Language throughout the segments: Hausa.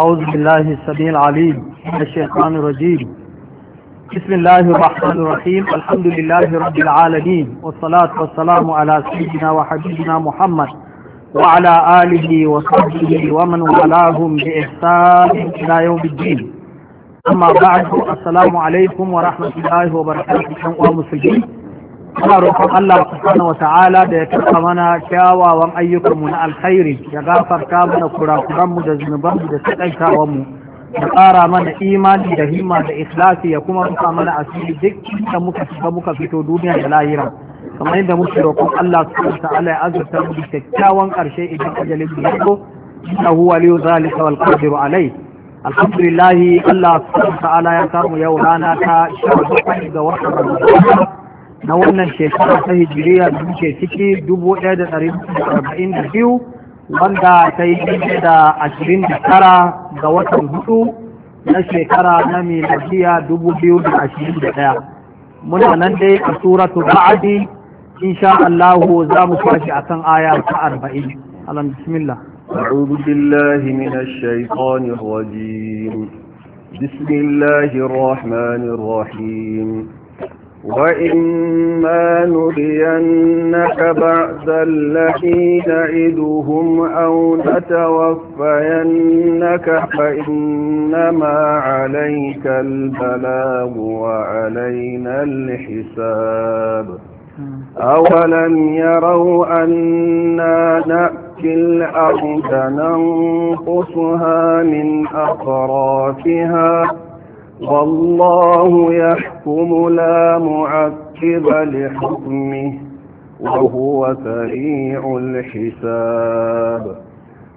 أعوذ بالله السميع العليم من الشيطان الرجيم بسم الله الرحمن الرحيم الحمد لله رب العالمين والصلاة والسلام على سيدنا وحبيبنا محمد وعلى آله وصحبه ومن والاهم بإحسان إلى يوم الدين أما بعد السلام عليكم ورحمة الله وبركاته ومسلمين ana roƙon Allah subhanahu wata'ala da ya taka mana kyawawan ayyukanmu na alkhairi ya gafarta mana kurakuranmu da zunubanmu da mu ya ƙara mana imani da himma da ikhlasi ya kuma rufa mana asiri duk inda muka shiga muka fito duniya da lahira kamar yadda muke roƙon Allah subhanahu wata'ala ya azurta mu kyakkyawan ƙarshe idan ajalin mu yazo innahu waliyu zalika wal qadiru alai alhamdulillah Allah subhanahu wata'ala ya samu yau rana ta 17 ga watan Ramadan na wannan shekara ta hijiriya da muke ciki dubu ɗaya da ɗari arba'in da biyu wanda ta yi da ashirin da tara ga watan hudu na shekara na miladiya dubu biyu da ashirin da ɗaya muna nan dai a suratu ba'adi insha Allah za mu kwashi kan aya ta arba'in alam bismillah أعوذ بالله من الشيطان الرجيم بسم الله الرحمن الرحيم وإما نرينك بعد الذي نعدهم أو نتوفينك فإنما عليك البلاغ وعلينا الحساب أولم يروا أنا نأتي الأرض ننقصها من أطرافها والله يحكم لا معقب لحكمه وهو سريع الحساب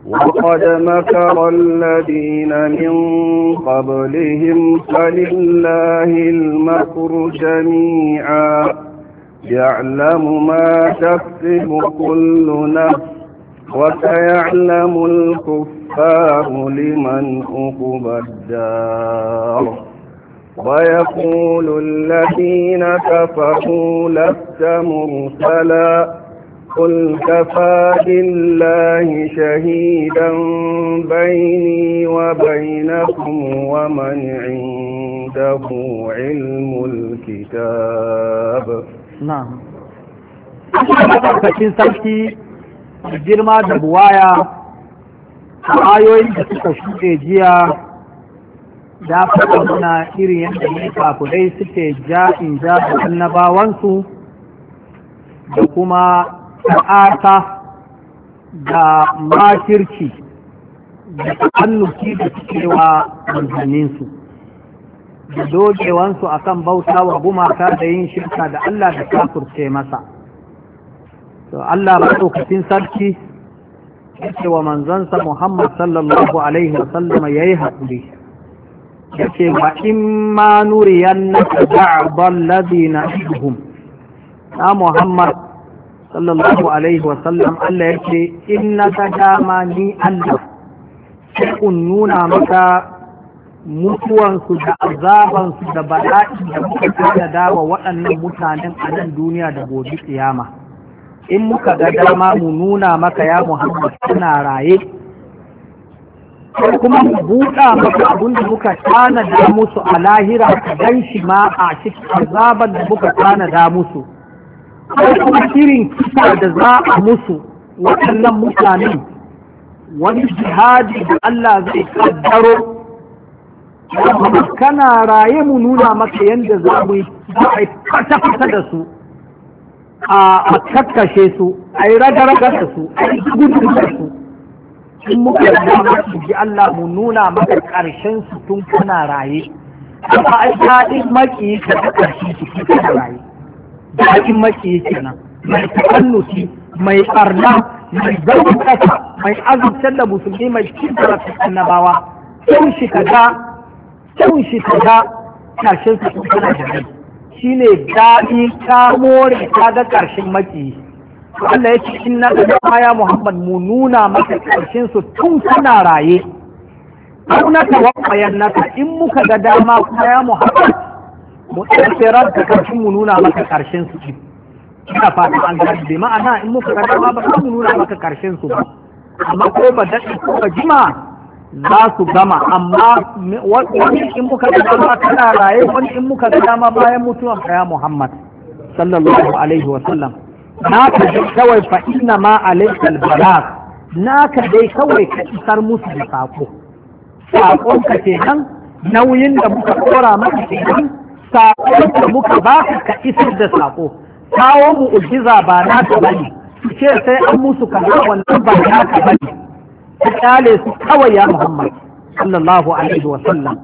وقد مكر الذين من قبلهم فلله المكر جميعا يعلم ما تكسب كل نفس وسيعلم الكفار لمن عقب الدار ويقول الذين كفروا لست مرسلا قل كفى بالله شهيدا بيني وبينكم ومن عنده علم الكتاب نعم فكين سمكي girma da buwaya a ayoyin da da fata suna irin yadda ne kafurai suke ja in ja da annabawansu da kuma ta'ata da makirci da ta'alluki da suke wa manzanninsu da dogewansu a kan bauta wa gumaka da yin shirka da Allah da kafurce masa to Allah ba maɗaukacin sarki yake wa manzansa Muhammad sallallahu alaihi wasallama ya yi haƙuri yake wa in ma nuriyan na ba'dal ladina ihum na Muhammad sallallahu alaihi wa sallam Allah yake ta dama ni Allah sai kun nuna maka mutuwansu da azabansu da bala'i da muka kada dawa waɗannan mutanen a nan duniya da gobe tsiyama in muka ga dama mu nuna maka ya Muhammad suna raye ko kuma mu buɗa maka abin da muka tanada musu a lahira ka gan shi ma a cikin azabar da muka tanada musu ko kuma irin kisa da za a musu waɗannan mutanen wani jihadi da Allah zai kaddaro kana raye mu nuna maka yadda za mu yi fata-fata da su a kakkashe su a yi raga-raga da su a yi gudun da in muka dama su ji Allah mu nuna maka ƙarshen su tun kana raye amma ai daɗin maki ka ta ƙarshen su tun kana raye daɗin maki kenan mai ta'annuti mai ɓarna mai zai ƙasa mai azubtar da musulmi mai cin zarafin annabawa kyan shi ka ga kyan shi ka ga ƙarshen su tun kana raye shine daɗi ka more ka ga ƙarshen maki Allah ya ce inna da ya Muhammad mu nuna maka karshen su tun kana raye An na tawaffayan naka in muka ga dama kuma ya Muhammad mu tsirar da karshen mu nuna maka karshen su ce ina fata an gani bai ma'ana in muka ga dama ba mu nuna maka karshen su ba amma ko ba daɗi ko ba jima za su gama amma wani in muka ga dama kana raye wani in muka ga dama bayan mutuwa ya Muhammad sallallahu alaihi wa sallam na ka dai kawai fa inna ma alaikal balagh na ka dai kawai ka isar musu da sako sakon ka ke nan, nauyin da muka kora maka kenan sakon da muka ba ka isar da sako kawo mu mu'ujiza ba na ka bane ce sai an musu kaza wannan ba na ka bane ka kyale su kawai ya muhammad sallallahu alaihi wa sallam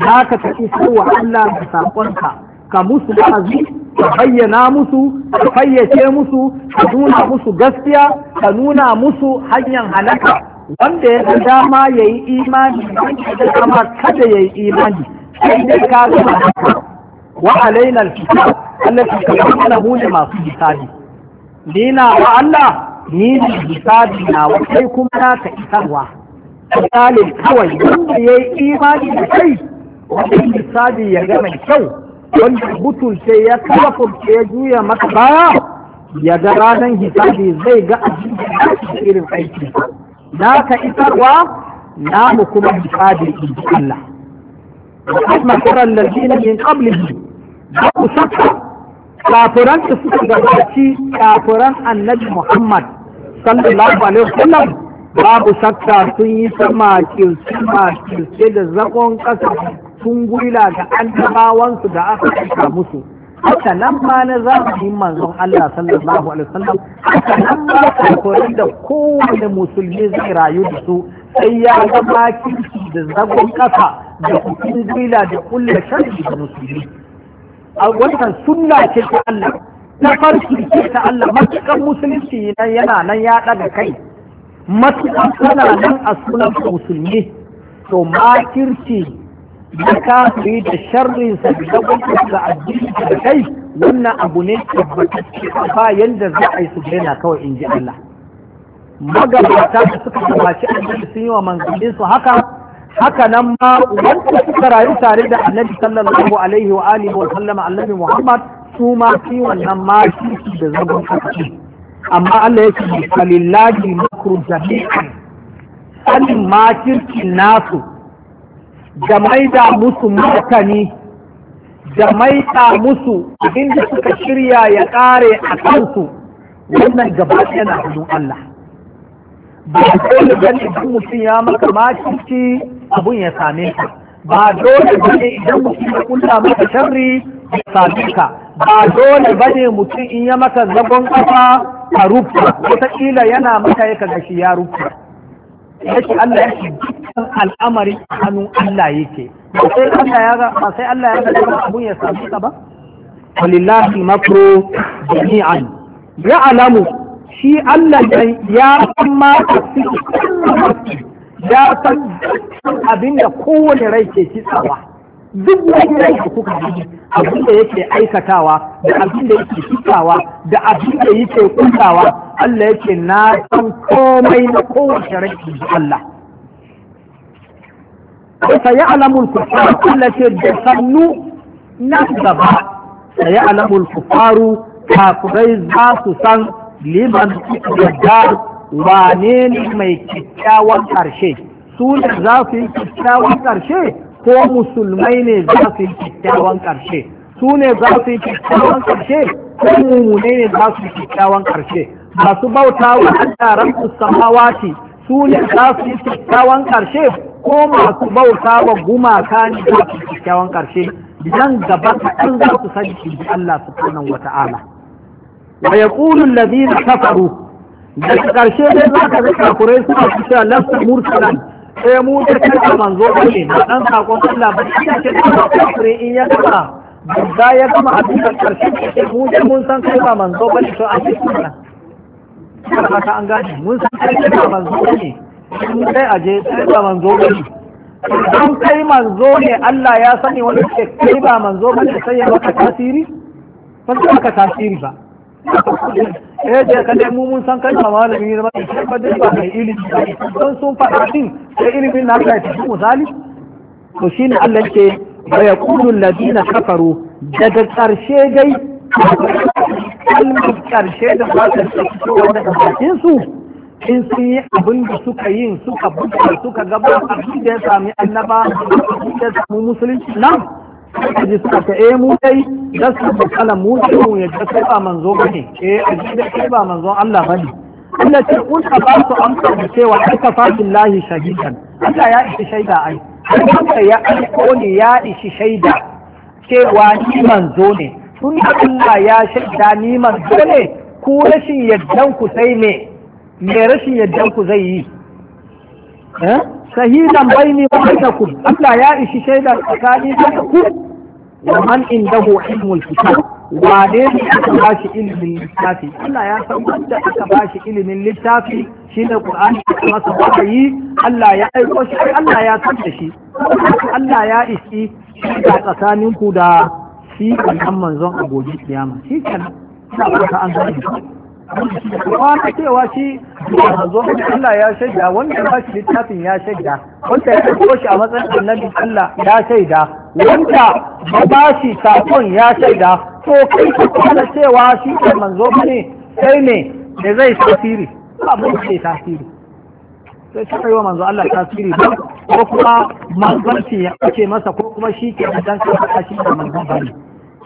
za ka ka isar wa Allah da sakonka ka musu wa'azi ka bayyana musu ka fayyace musu ka nuna musu gaskiya ka nuna musu hanyar halaka wanda ya dama ya yi imani da dama kada ya yi imani sai dai ka zama haka wa alaina alkitab allati kalamnahu li masu hisabi ni wa Allah ni ne hisabi na wa kai kuma na ka isarwa misalin kawai wanda ya yi imani da kai wanda hisabi ya ga mai kyau wanda butulce ya kafurce ya juya maka baya ya ga ranar hisabi zai ga abin da irin aiki na ka isarwa mu kuma hisabi in ji Allah wa asma kuran lalzina min qablihi da ku saka kafiran da suka gabaci kafiran annabi Muhammad sallallahu alaihi wasallam babu shakka sun yi sama kirce ma da zakon kasa tungula ga annabawansu da aka aika musu haka nan ma na zamanin manzon Allah sallallahu alaihi wasallam haka nan ma kafirin da kowane musulmi zai rayu da su sai ya ga makinci da zagon kasa da kusin da kulle sharri da musulmi a wannan sunna ce ta Allah na farki ce ta Allah matukan musulunci nan yana nan ya daga kai matukan tana nan a sunan musulmi to makirci da kafiri da sharrinsa da dagwata da addini da kai wannan abu ne tabbatacce ba yanda za a yi su daina kawai in ji Allah magabata da suka gabaci annabi sun yi wa manzannin su haka haka nan ma wanda suka rayu tare da annabi sallallahu alaihi wa alihi wa sallama annabi Muhammad su ma shi wannan ma shi da zagon kafiri amma Allah ya ce falillahi makru jami'an sanin makirkin nasu da maida musu martani da maida musu abinda suka shirya ya ƙare a kansu wannan gaba yana hannun Allah ba dole ba ne idan mutum ya maka makici abun ya same ka ba dole ba ne idan mutum ya kunta maka sharri ya same ka ba dole ba ne mutum in ya maka zagon kafa a rufe wataƙila yana maka ya kaga shi ya rufe yake Allah yake dukkan hannu hannun Allah yake sai Allah ya ga ba sai Allah ya ga abun ya samu ka ba walillahi makru jami'an ya alamu shi Allah ya san ma ya san abinda kowane rai ke kitsawa duk wannan da kuka yi abin da yake aikatawa da abin da yake fitawa da abin da yake kuntawa Allah yake na san komai na kowace rashin Allah alamun kufaru al ce da sannu na gaba fa ya'lamu al-kuffaru kafirai za su san liman da wane ne mai kyakkyawan ƙarshe su ne za su yi kyakkyawan ƙarshe ko musulmai ne za su yi kyakkyawan ƙarshe su ne za su yi kyakkyawan ƙarshe ko mumune ne za su yi kyakkyawan ƙarshe masu bauta wa Allah samawati su ne za su yi kyakkyawan ƙarshe ko masu bauta wa gumaka ne za su yi kyakkyawan ƙarshe nan gaba kaɗan za su sani shi Allah subhanahu wa ta'ala wa yaqulu alladhina kafaru daga ƙarshe dai za ka ga kafurai suna cewa lafsa mursalan sai eh, mu da kanta manzo ne ba dan sakon Allah ba shi ke da kafire in ya kama da ya kama a cikin karshe mu da mun san kai ba manzo ba to a cikin nan ta an gane mun san kai ba manzo ne mun kai aje kai ba manzo ba ne don kai manzo ne Allah ya sani wani ke kai ba manzo ba sai ya maka tasiri ba sai tasiri ba eh je ka mu mun san kai ba malami ne ba ba dai ba mai ilimi don sun faɗa din sai ilimin na kai ta misali to shine Allah yake wa yaqulu alladina kafaru daga karshe dai kalmar karshe da ba ta fito daga bakin su in sun yi abin da suka yi suka buga suka gaba abin da ya sami annaba abin da ya musulunci nan ka ji suka ta eh mu dai gaskiya matsala mu ce mu ya ta ba manzo bane eh a ji da ba manzo Allah bane Allah ce kun ka ba su amsa da cewa ai ka fatin lahi shahidan Allah ya ishi shaida ai Allah ya aiko ne ya ishi shaida cewa ni manzo ne tun Allah ya shaida ni manzo ne ku rashin yaddan ku sai me me rashin yaddan ku zai yi eh shahidan baini wa bainakum Allah ya ishi shaida tsakani da ku wa man indahu ilmul kitab wa ne aka bashi ilimin littafi Allah ya san wanda aka bashi ilimin littafi shine Qur'ani masa wahayi Allah ya aiko shi Allah ya san da shi Allah ya ishi shaida tsakanin ku da shi kan manzon abogi gobe kiyama shi kenan ina an gane kwana cewa shi da Allah ya shaida wanda ba shi littafin ya shaida wanda ya ɗauko shi a matsayin annabi Allah ya shaida wanda ba ba shi sakon ya shaida to kai ka kwana cewa shi ke manzo ne, sai ne da zai tasiri ba mun ce tasiri sai shi kai wa manzo Allah tasiri ba ko kuma shi ya ce masa ko kuma shi ke dan kasa shi da manzo ne.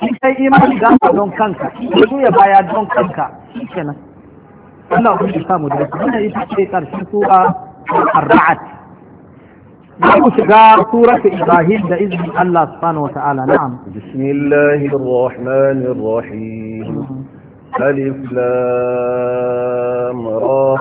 in kai imani za ka don kanka su ya baya don kanka kenan Allah ku shi samu da wannan ita ce karshen sura Ar-Ra'd za ku shiga suratu Ibrahim da izinin Allah subhanahu wa ta'ala na'am bismillahir rahmanir rahim ألف لام را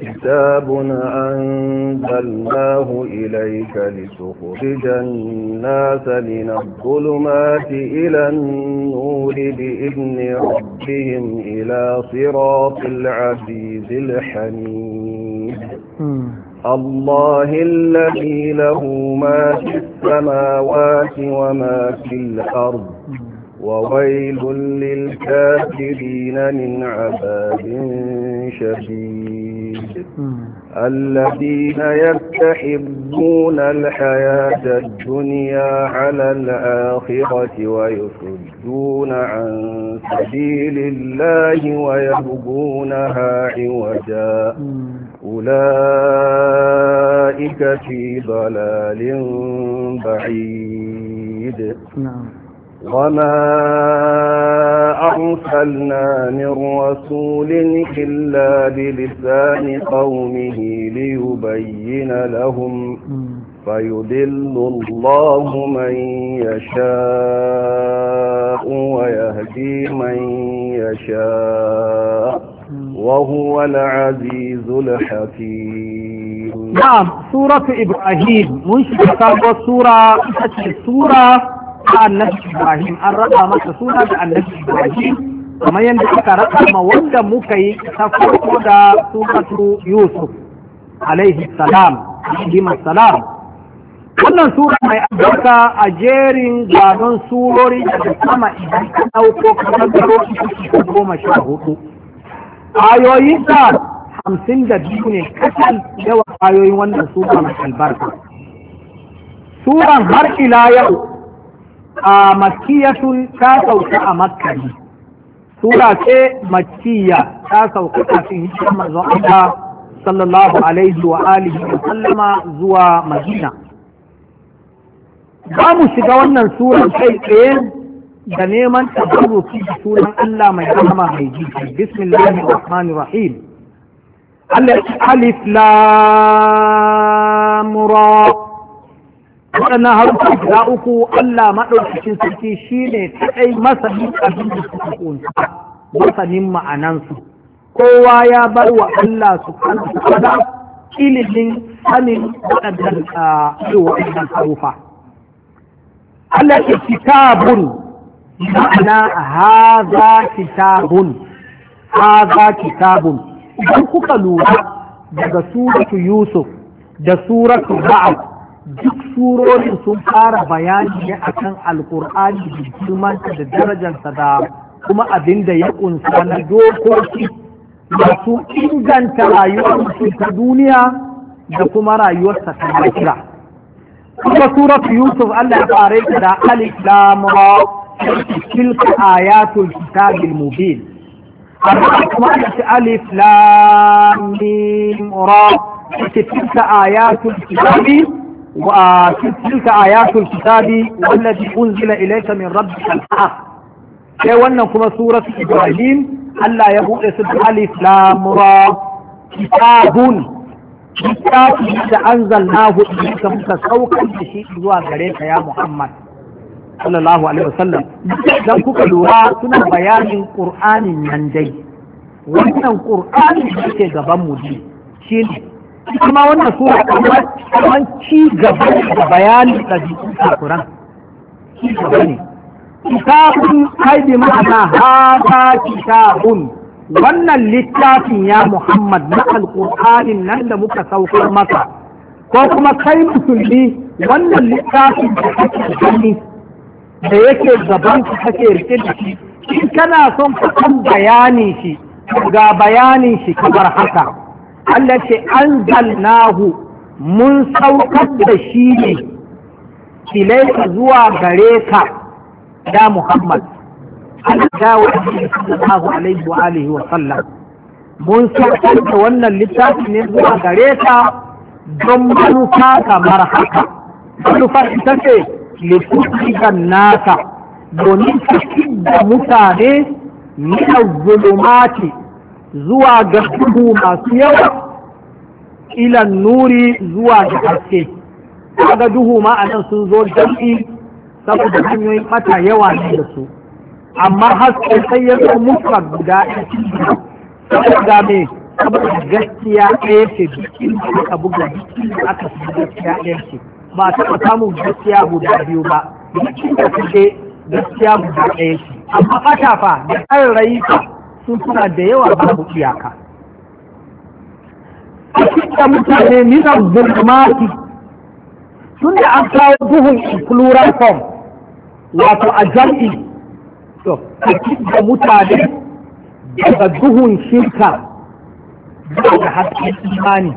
كتاب أنزلناه إليك لتخرج الناس من الظلمات إلى النور بإذن ربهم إلى صراط العزيز الحميد الله الذي له ما في السماوات وما في الأرض وويل للكافرين من عذاب شديد الذين يستحبون الحياة الدنيا على الآخرة ويصدون عن سبيل الله ويبغونها عوجا أولئك في ضلال بعيد نعم وما أرسلنا من رسول إلا بلسان قومه ليبين لهم فيدل الله من يشاء ويهدي من يشاء وهو العزيز الحكيم نعم سورة إبراهيم منشد سورة سورة annabi Ibrahim an raba masa suna da annabi Ibrahim kamar yadda aka raba ma wanda muka yi ta farko da suratu Yusuf alaihi salam alaihi salam wannan sura mai albarka a jerin gadon surori da sama idan ka dauko kamar garo ta goma sha hudu ayoyin ta hamsin da biyu ne kacal yawan ayoyin wannan sura mai albarka suran har ila yau a makiyatun ta sauka a Makari, ne sura ce makiya ta sauka kafin hijirar manzon Allah sallallahu alaihi wa alihi wa sallama zuwa madina Ba mu shiga wannan sura kai tsaye da neman tabarruki da sunan Allah mai rahama mai jiki bismillahir rahmanir rahim alif lam ra waɗannan haruka guda uku Allah maɗaukacin sarki shi ne kaɗai masanin abin da suka ƙunsa masanin ma'anansu kowa ya bar wa Allah su kanta ilimin sanin waɗannan waɗannan harufa Allah ke kitabun ma'ana haza kitabun haza kitabun idan kuka lura daga suratu Yusuf da suratu Ra'ad duk surorin sun fara bayani ne kan alkur'ani da girmanta da darajarsa da kuma abin da ya kunsa na dokoki masu inganta rayuwar mutum ta duniya da kuma rayuwarsa ta lafiya kuma surat yusuf allah ya fara ta da alif lam tilka ayatul kitabil mubin amma kuma alif ce Alif ra tilka ayatul kitabil وتلك آيات الكتاب والذي أنزل إليك من ربك الحق sai wannan kuma suratu Ibrahim Allah ya buɗe su da alif lam ra kitabun kitabi da anzalnahu ilayka muka saukar da shi zuwa gare ka ya Muhammad sallallahu alaihi wasallam dan kuka lura suna bayanin Qur'anin nan dai wannan Qur'ani da ke gaban mu shi ne kuma wannan sura kamar ci gaba da bayanin jikin kafiran ci gaba ne kitabun kaidi ma'ana hata kitabun wannan littafin ya muhammad na alƙur'anin nan da muka saukar masa ko kuma kai musulmi wannan littafin da kake gani da yake gaban ka kake rike da shi in kana son ka san bayanin shi ga bayanin shi kamar haka Allah ce an mun saukar da shi ne ilaika zuwa gare ka ya Muhammad Allah ya wuce sallallahu alaihi wa alihi wa sallam mun saukar da wannan littafi ne zuwa gare ka don manufa kamar haka manufa ita ce likusigan nasa domin ka da mutane min zulumati zuwa ga hudu masu yawa ilan nuri zuwa da haske kaga duhu ma a nan sun zo jam'i saboda hanyoyin mata yawa ne da su amma haske sai ya zo mutuwa guda saboda me saboda gaskiya ɗaya ce bikin da aka buga jikin da aka fi gaskiya ɗaya ce ba a taɓa samun gaskiya guda biyu ba jikin da kuke gaskiya guda ɗaya ce amma matafa da kan rayuwa sun suna da yawa babu iyaka a cikin mutane minan zulmati tun da an kawo duhun in plural form wato a jam'i to a cikin mutane daga duhun shirka daga hasken imani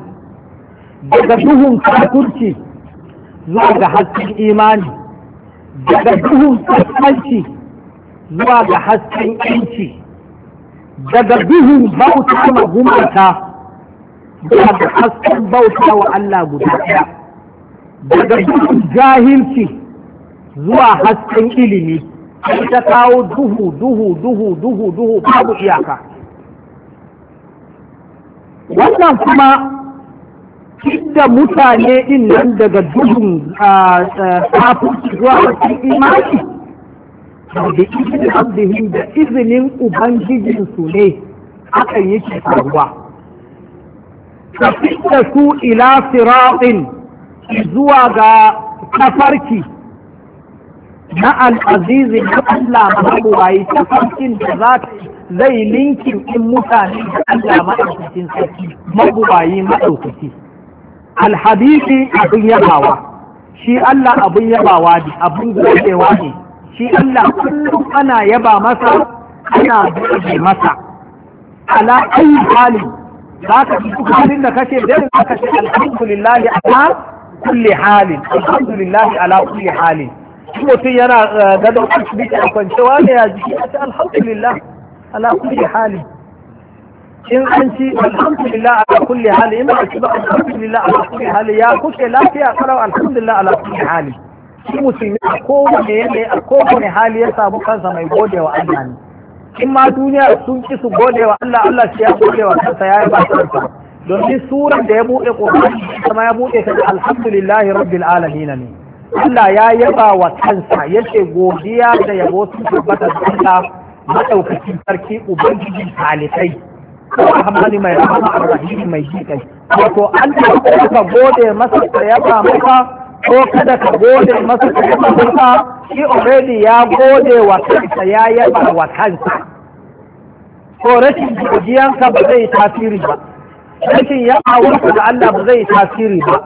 daga duhun kakurci zuwa ga hasken imani daga duhun kaskanci zuwa ga hasken yanci daga duhun bauta ta kuma gumanta daga hasken bauta wa Allah guda ɗaya daga duhun jahilci zuwa hasken ilimi ta kawo duhu duhu duhu duhu duhu babu iyaka wannan kuma da mutane din nan daga duhun kafin zuwa hasken imani da izinin abdihin da izinin ubangijinsu ne hakan yake faruwa tafiya su ila siratin zuwa ga tafarki na al'azizi na Allah mahabuwayi tafarkin da zai linkin in mutane da Allah maɗaukacin sarki mabuwayi maɗaukaki alhadisi abin shi Allah abin yabawa ne abin ne shi Allah kullum ana yaba masa ana buɗe masa ala ayi hali za ka fi duk halin da kake da za ka ce alhamdulillahi ala kulli halin alhamdulillahi ala kulli halin shi mutum yana eh, gadon asibiti a kwance, ne ya ji a ce alhamdulillah ala kulli halin in an ci alhamdulillah ala kulli hali in ba ci ba alhamdulillah ala kulli hali ya kuke lafiya karau alhamdulillah ala kulli hali shi musulmi a kowane yanayi a kowane hali ya samu kansa mai gode wa Allah ne in ma duniya sun ki su gode wa Allah Allah shi ya gode wa kansa ya yi ba kansa domin suran da ya buɗe ƙoƙari kuma ya buɗe ta alhamdulillahi rabbil alamin ne Allah ya yaba wa kansa yace godiya da yabo sun tabbata da Allah madaukakin sarki ubangiji halittai Rahmani mai rahama arrahim mai jikai wato Allah ka gode masa da yaba maka ko kada ka gode masa ka yaba shi already ya gode wa kansa ya yaba wa kansa ko rashin godiyanka ba zai tasiri ba rashin yabawarka ga Allah ba zai tasiri ba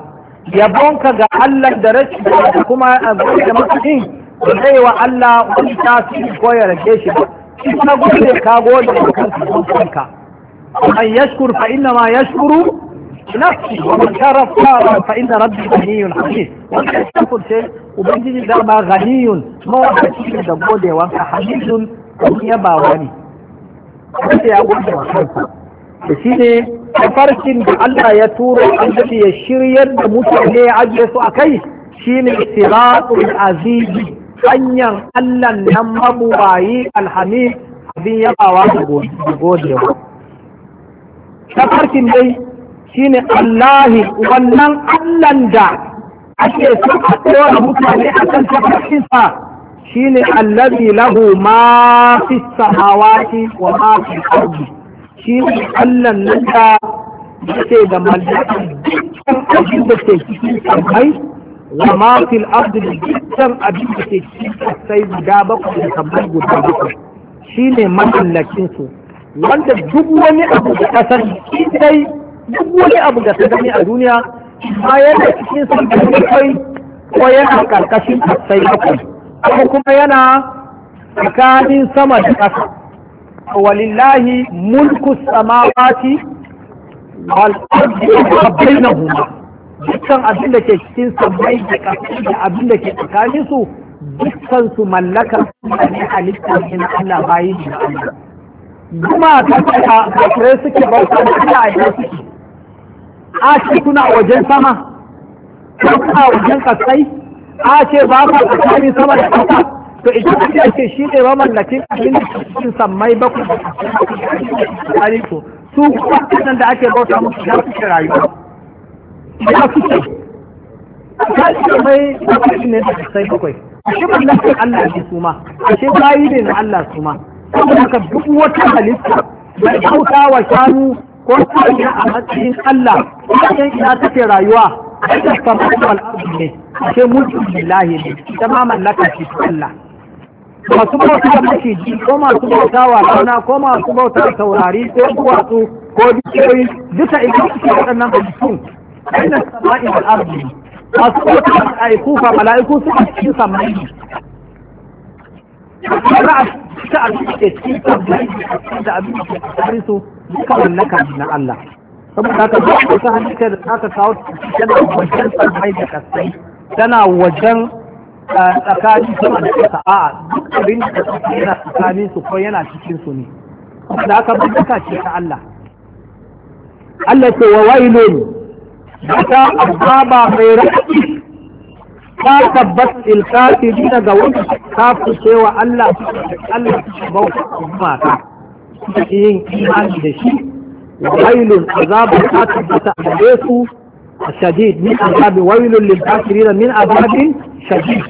yabonka ga Allah da rashin da kuma gode masa din ba zai wa Allah wani tasiri ko ya rage shi ba shi kuma gode ka gode wa kanka kanka an yashkur fa inna ma yashkuru نفسي ومن wanda ya فإن ربي غني حميد وانت تقول شيء وبنجي دابا غني da وقت شيء دبودي وانت حميد يبا غني wanda ya gudu wa kansa da shi ne tafarkin da Allah ya turo annabi ya shiryar da mutane ya ajiye su a kai shi ne siratul azizi hanyar Allah nan mabuwayi alhami abin yabawa da godewa tafarkin dai shine Allahi wannan Allahn da ake so a tsora mutane a kan tafarkinsa ne allazi lahu ma fi samawati wa ma fi ardi shine Allahn nan da yake da mallakan dukkan abin da ke cikin sammai wa ma fi da dukkan abin da ke cikin sai guda bakwai da sammai guda bakwai Shi ne su wanda duk wani abu da kasar shi dai duk wani abu ga ta gani a duniya bayan yana cikin sabbin kai ko yana karkashin sai bakwai ko kuma yana tsakanin sama da ƙasa walillahi mulku samawati wal ardi wa bainahuma dukkan abin da ke cikin sammai da ƙasa da abin da ke tsakanin su dukkan su mallaka ne halitta na Allah bayi da Allah kuma ta ta suke bauta da Allah a suke a ce kuna wajen sama ko kuna wajen kasai a ce ba ku tsakanin sama da kasa to idan ce ke shi ne ba mallakin abin da cikin sammai ba ku tsakanin ku su kuma kasan da ake bauta musu da su rayuwa ya su ce ta ce mai tsakanin ne da kasai bakwai a ashe mallakin Allah ne su ma ashe bayi ne na Allah su ma saboda ka duk wata halitta bai kauta wa shanu ko kariya a matsayin Allah wajen ina take rayuwa a da samun al'adu ne sai mulkin lillahi ne ta ma mallaka ce ta Allah masu bauta da maciji ko masu bauta wa rana ko masu bauta taurari ko duwatsu ko dukiyoyi duka idan suke waɗannan halittun aina sama'i al'adu ne masu bauta da mala'iku fa mala'iku suka cikin samai ne ra'a ta abin da ke cikin samai da abin da ke cikin su duka mallaka na Allah saboda haka duk wata halitta da aka kawo tana wajen tsammai da kasai tana wajen tsakanin sama da ƙasa a duk abin da kasa yana tsakanin su ko yana cikin su ne da aka mallaka ce ta Allah Allah ce wa wailun ta azaba mai raɗi ta tabbas ilkafi daga wani kafin cewa Allah Allah bauta mata suka yin imani da shi wailun azabun ta tabbata a gare su shadid min azabi wailun lil kafirin min azabin shadid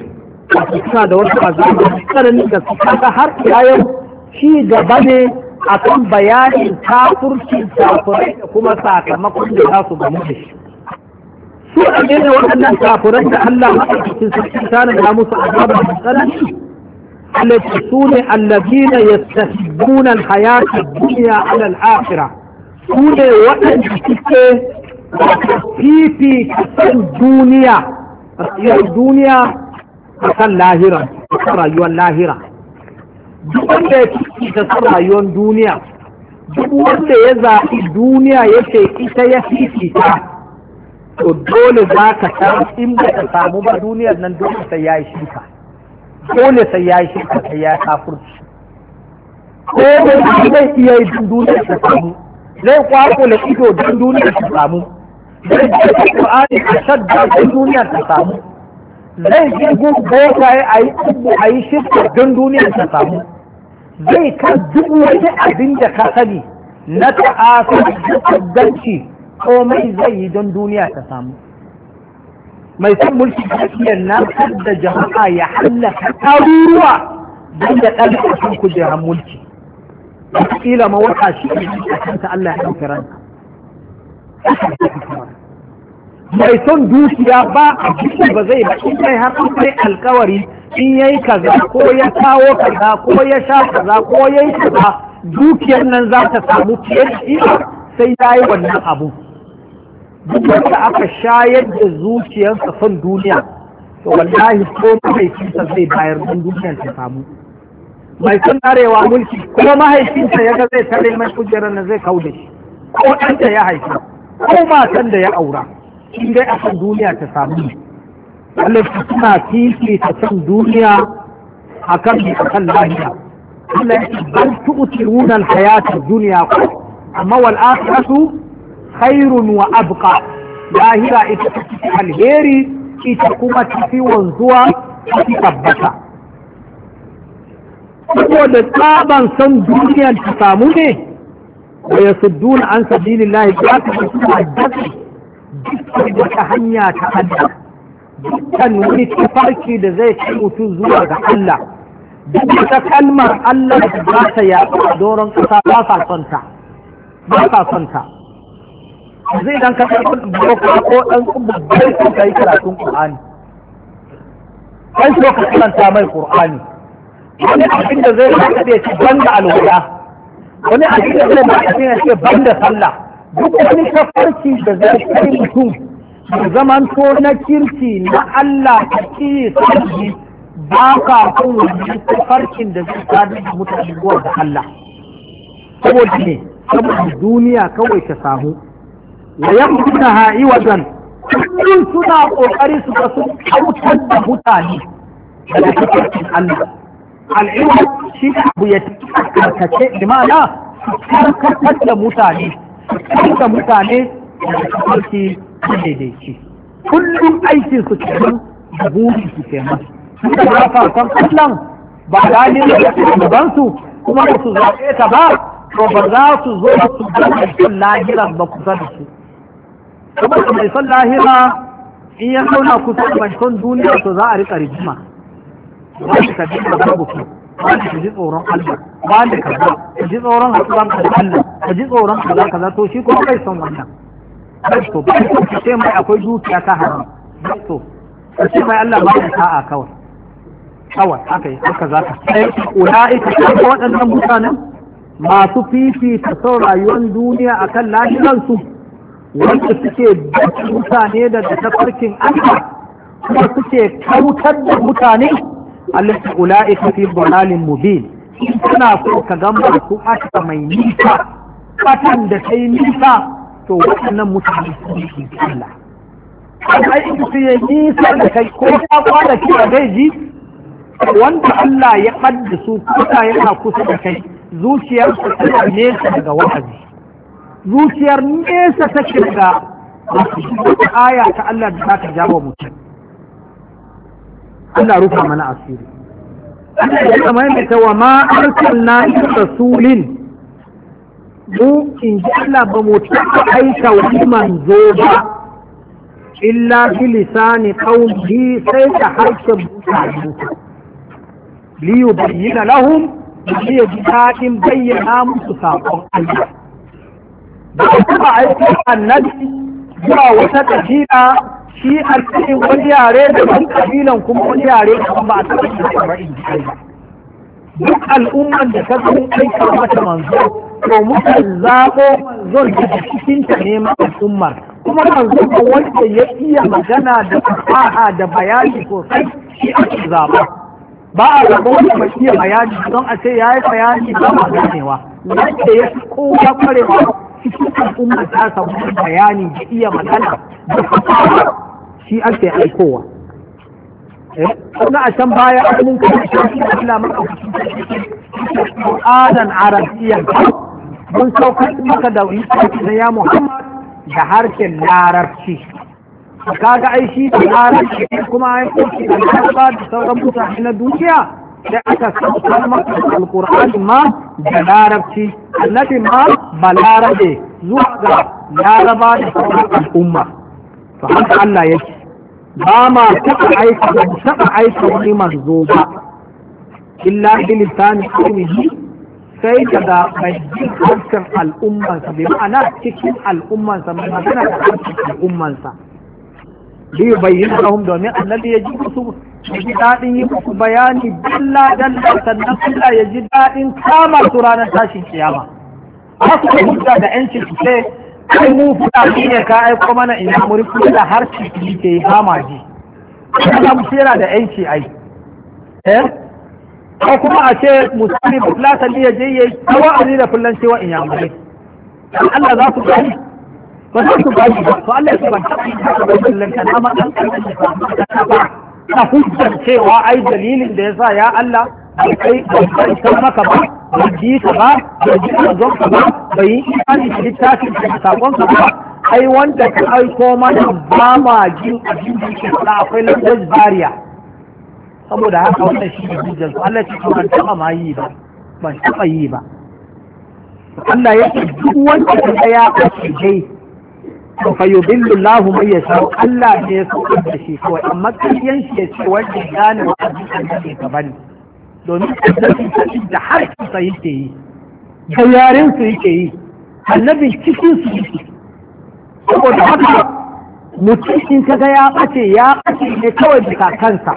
wato suna da wasu azabin tsananin da su kaga har yau shi gaba ne akan bayanin kafurcin kafurai da kuma sakamakon da za su gamu da shi su a ne waɗannan kafurai da Allah maɗaukacin sarki tana da musu azaba da tsanani الذين الذين يستحبون الحياة الدنيا على الآخرة كل وطن تكي في في الدنيا في الدنيا كان لاهرا ترى يو لاهرا دوبن تكي ترى الدنيا دوبن يزا الدنيا يتي إتا يفيتي تا ودول ذاك تا إمتا تا مبا دنيا نندوك تا dole sai ya yi shirka sai ya kafurci ko da zai iya yi don duniya ta samu zai kwakula ido don duniya ta samu zai ji Qur'ani a shadda don duniya ta samu zai ji boko a yi kubu a yi shirka don duniya ta samu zai ka duk wani abin da ka sani na ta'afi da ko mai zai yi don duniya ta samu mai son mulki tafiyar na da jama'a ya hallaka ɗaruruwa don ya ɗalga kan kujerar mulki kila ma wata shi a ta Allah ya ɗauki ranka mai son dukiya ba a jiki ba zai ba in kai har kai alkawari in yi kaza ko ya kawo kaza ko ya sha kaza ko yayi kaza dukiyar nan za ta samu fiye da sai ya yi wannan abu duk wanda aka shayar da zuciyarsa son duniya to wallahi ko mahaifinsa zai bayar don duniyar ta samu mai son arewa mulki kuma mahaifinsa ya ga zai tare mai kujerar na zai kau da shi ko ɗanta ya haifi. ko matan da ya aura in dai a son duniya ta samu ne suna suna fifita son duniya a kan a kan lahiya Allah ya ce bal tu'tiruna al-hayata duniya dunya amma wal khairun wa abqa lahira ita tafi alheri ita kuma tafi wanzuwa tafi tabbata saboda tsaban san duniyar ta samu ne wa yasudduna an sabilillahi za ta suna dafi dukkan wata hanya ta Allah dukkan wani tafarki da zai ci mutum zuwa ga Allah duk wata kalmar Allah da za ta yaɗu a doron ƙasa ba sa ba sa Zai idan ka ɗan boko ko ɗan babbar ka kai karatun Kur'ani. Kan so ka karanta mai ƙur'ani wani abin da zai ka ce da alwala wani abin da zai ka ce da sallah duk wani kafarci da zai kai mutum da zaman to na kirki na Allah ka ci sabbi ba ka kun wani kafarcin da zai sadar da mutane zuwa ga Allah saboda ne saboda duniya kawai ta samu wa ha'i wajen kullum suna kokari su ga sun kautar da mutane daga cikin Allah al'iwa shi ne abu ya karkace imana karkatar da mutane karkatar da mutane daga cikin daidaici kullum aikin su kenan da burin su kenan suka ba farkon kallon ba gani da gabansu kuma ba su zaɓe ta ba to ba za su zo su gana kan lahiran ba kusa da su da mai son lahira in ya zauna kusa da mai son duniya to za a riƙa rigima wani ka ji da babu ku wani ka ji tsoron Allah wani ka ba ka ji tsoron haɗuwar ka Allah ka ji tsoron kaza kaza to shi kuma kai son wannan bai so bai ka ce mai akwai dukiya ta haram bai so ka ce mai Allah ba ka sa'a kawai kawai haka yi haka za ka sai ula'ika waɗannan mutanen masu fifita son rayuwar duniya akan su. wanda suke dace mutane daga tafarkin Allah kuma suke kautar da mutane allati ulaika fi dalalin mubin suna so ka ga masu aka mai nisa katan da yi nisa to waɗannan mutane su ne Allah in su yi nisa da kai ko kwada ki a zai ji wanda Allah ya ɓadda su kusa yana kusa da kai zuciyarsu tana nesa daga wa'azi zuciyar nesa ta take daga aya ta Allah da za ta jawo mutum Allah rufa mana asiri Allah ya kama ta wa ma arsalna rasulin mu in ji Allah ba mu taɓa aika wani manzo ba illa fi lisani qawli sai ta harshen mutane li yubayyana lahum ji daɗin bayyana musu saƙon Allah ba a taɓa aiki annabi zuwa wata kabila shi a cikin wani yare da wani kabilan kuma wani yare da ba a taɓa da ba in ji ba duk al'umman da ta sun aika mata manzo to muka zaɓo zon da cikin ta neman al'ummar kuma manzo ba wanda ya iya magana da fasaha da bayani sai shi ake zaɓa ba a zaɓa wanda ba iya bayani don a ce ya yi bayani ba ma ganewa wanda ya fi kowa kwarewa cikin al'umma ta samu bayani da iya magana da fasaha shi ake aikowa eh, kuma a can baya a mun kai shi Allah maka Qur'anan Arabiyyan mun saukar maka da wani na ya Muhammad da harshen Larabci kaga ai shi da Larabci kuma ai shi da da sauran mutane na duniya sai aka saukar kalmar alkur'ani ma da larabci annabi ma ba larabe zuwa ga laraba da sauran al'umma to haka Allah ya ba ma taɓa aika ba taɓa aika wani manzo ba illa bilisani sai daga ji harkar al'ummansa bi ma'ana cikin al'ummansa mai magana da harshen al'ummansa li yubayyana sahun domin annabi ya ji musu ji dadin yi musu bayani dalla dalla sannan Allah ya ji dadin kama su ranar tashin kiyama haka su hujja da yanci su ce kai mu fuka ne ka aiko mana ina muri da har ciki ke kama ji kana musira da yanci ai eh ko kuma a ce musulmi fulatan ne ya je yayi tawa da fullan cewa in ya Allah za su gani ba za su ba shi ba to Allah ya ba ta yi ta ba kullun ta na ma dan ta ba ta hujjar cewa ai dalilin da yasa ya Allah bai kai bai kai maka ba bai ji ka ba bai ji azon ka ba bai yi imani da littafin da sakon ka ba ai wanda ka aiko mana ba ma jin abin da yake faɗa akwai language barrier saboda haka wannan shi ne hujjar su Allah ya ce ban taɓa ma yi ba ban taɓa yi ba Allah ya ce duk wanda ka ya kashe dai fa yudillu Allahu man yasha Allah ne ya sauka da shi kawai amma kariyan shi ya ce wanda gane wa abin da ke domin annabi sai sa yi yi saboda haka mutum in kaga ya ɓace, ya ɓace ne kawai da kakansa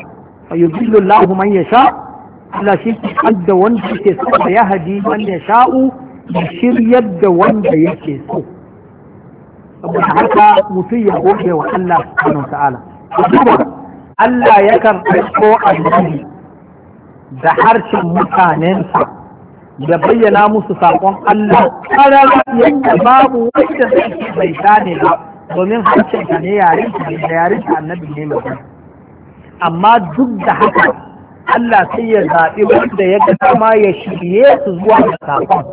fa yudillu Allahu man yasha Allah shi ke kadda wanda yake so ya hadi man sha'u, ya shiryar da wanda yake so saboda haka mutum ya goge wa Allah subhanahu ta'ala Allah yakan aiko annabi da harshen mutanensa da bayyana musu saƙon Allah karar yadda babu wanda zai bai gane ba domin harshen ka ne yaren ka da yaren ta annabi ne mai amma duk da haka Allah sai ya zaɓi wanda ya ga dama ya shirye su zuwa da saƙon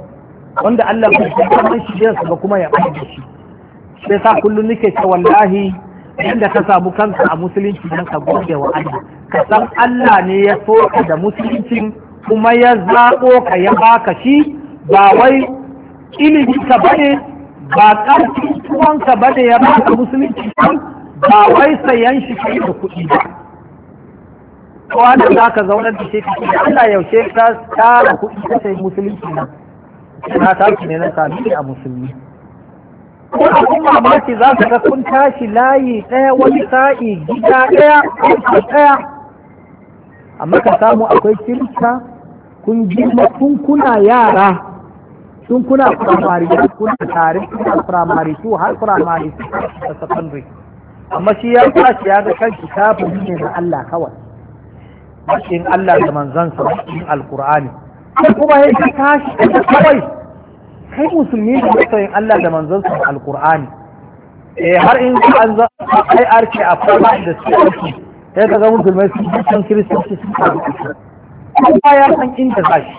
wanda Allah bai shirye su ba kuma ya ɓace shi sai sa kullum nake ta wallahi inda ka samu kanka a musulunci nan ka gode wa Allah ka san Allah ne ya so ka da musulunci, kuma ya zaɓo ka ya baka shi ba wai ilimi ka bane ba ƙarfin ka bane ya baka musulunci ba wai sayan shi kai da kuɗi ba kowa da za ka zauna da shekaru da Allah yaushe ka tara kuɗi ta sai musulunci nan na ta ne na sami a musulmi ko abin mamaki za ka ga kun tashi layi ɗaya wani sa'i gida ɗaya a ɗaya amma ka samu akwai kirka kun girma tun kuna yara tun kuna firamare kuna tare kuna firamare su har firamare su da secondary amma shi ya tashi ya ga kan kitabun ne na Allah kawai bakin Allah da manzansa bakin alkur'ani kuma ya tashi kawai kai musulmi da matsayin Allah da manzansa Alƙur'ani. eh har in an za kai arki a fara da su arki sai ka ga musulmai su san kiristoci su ka kuma ya san inda za shi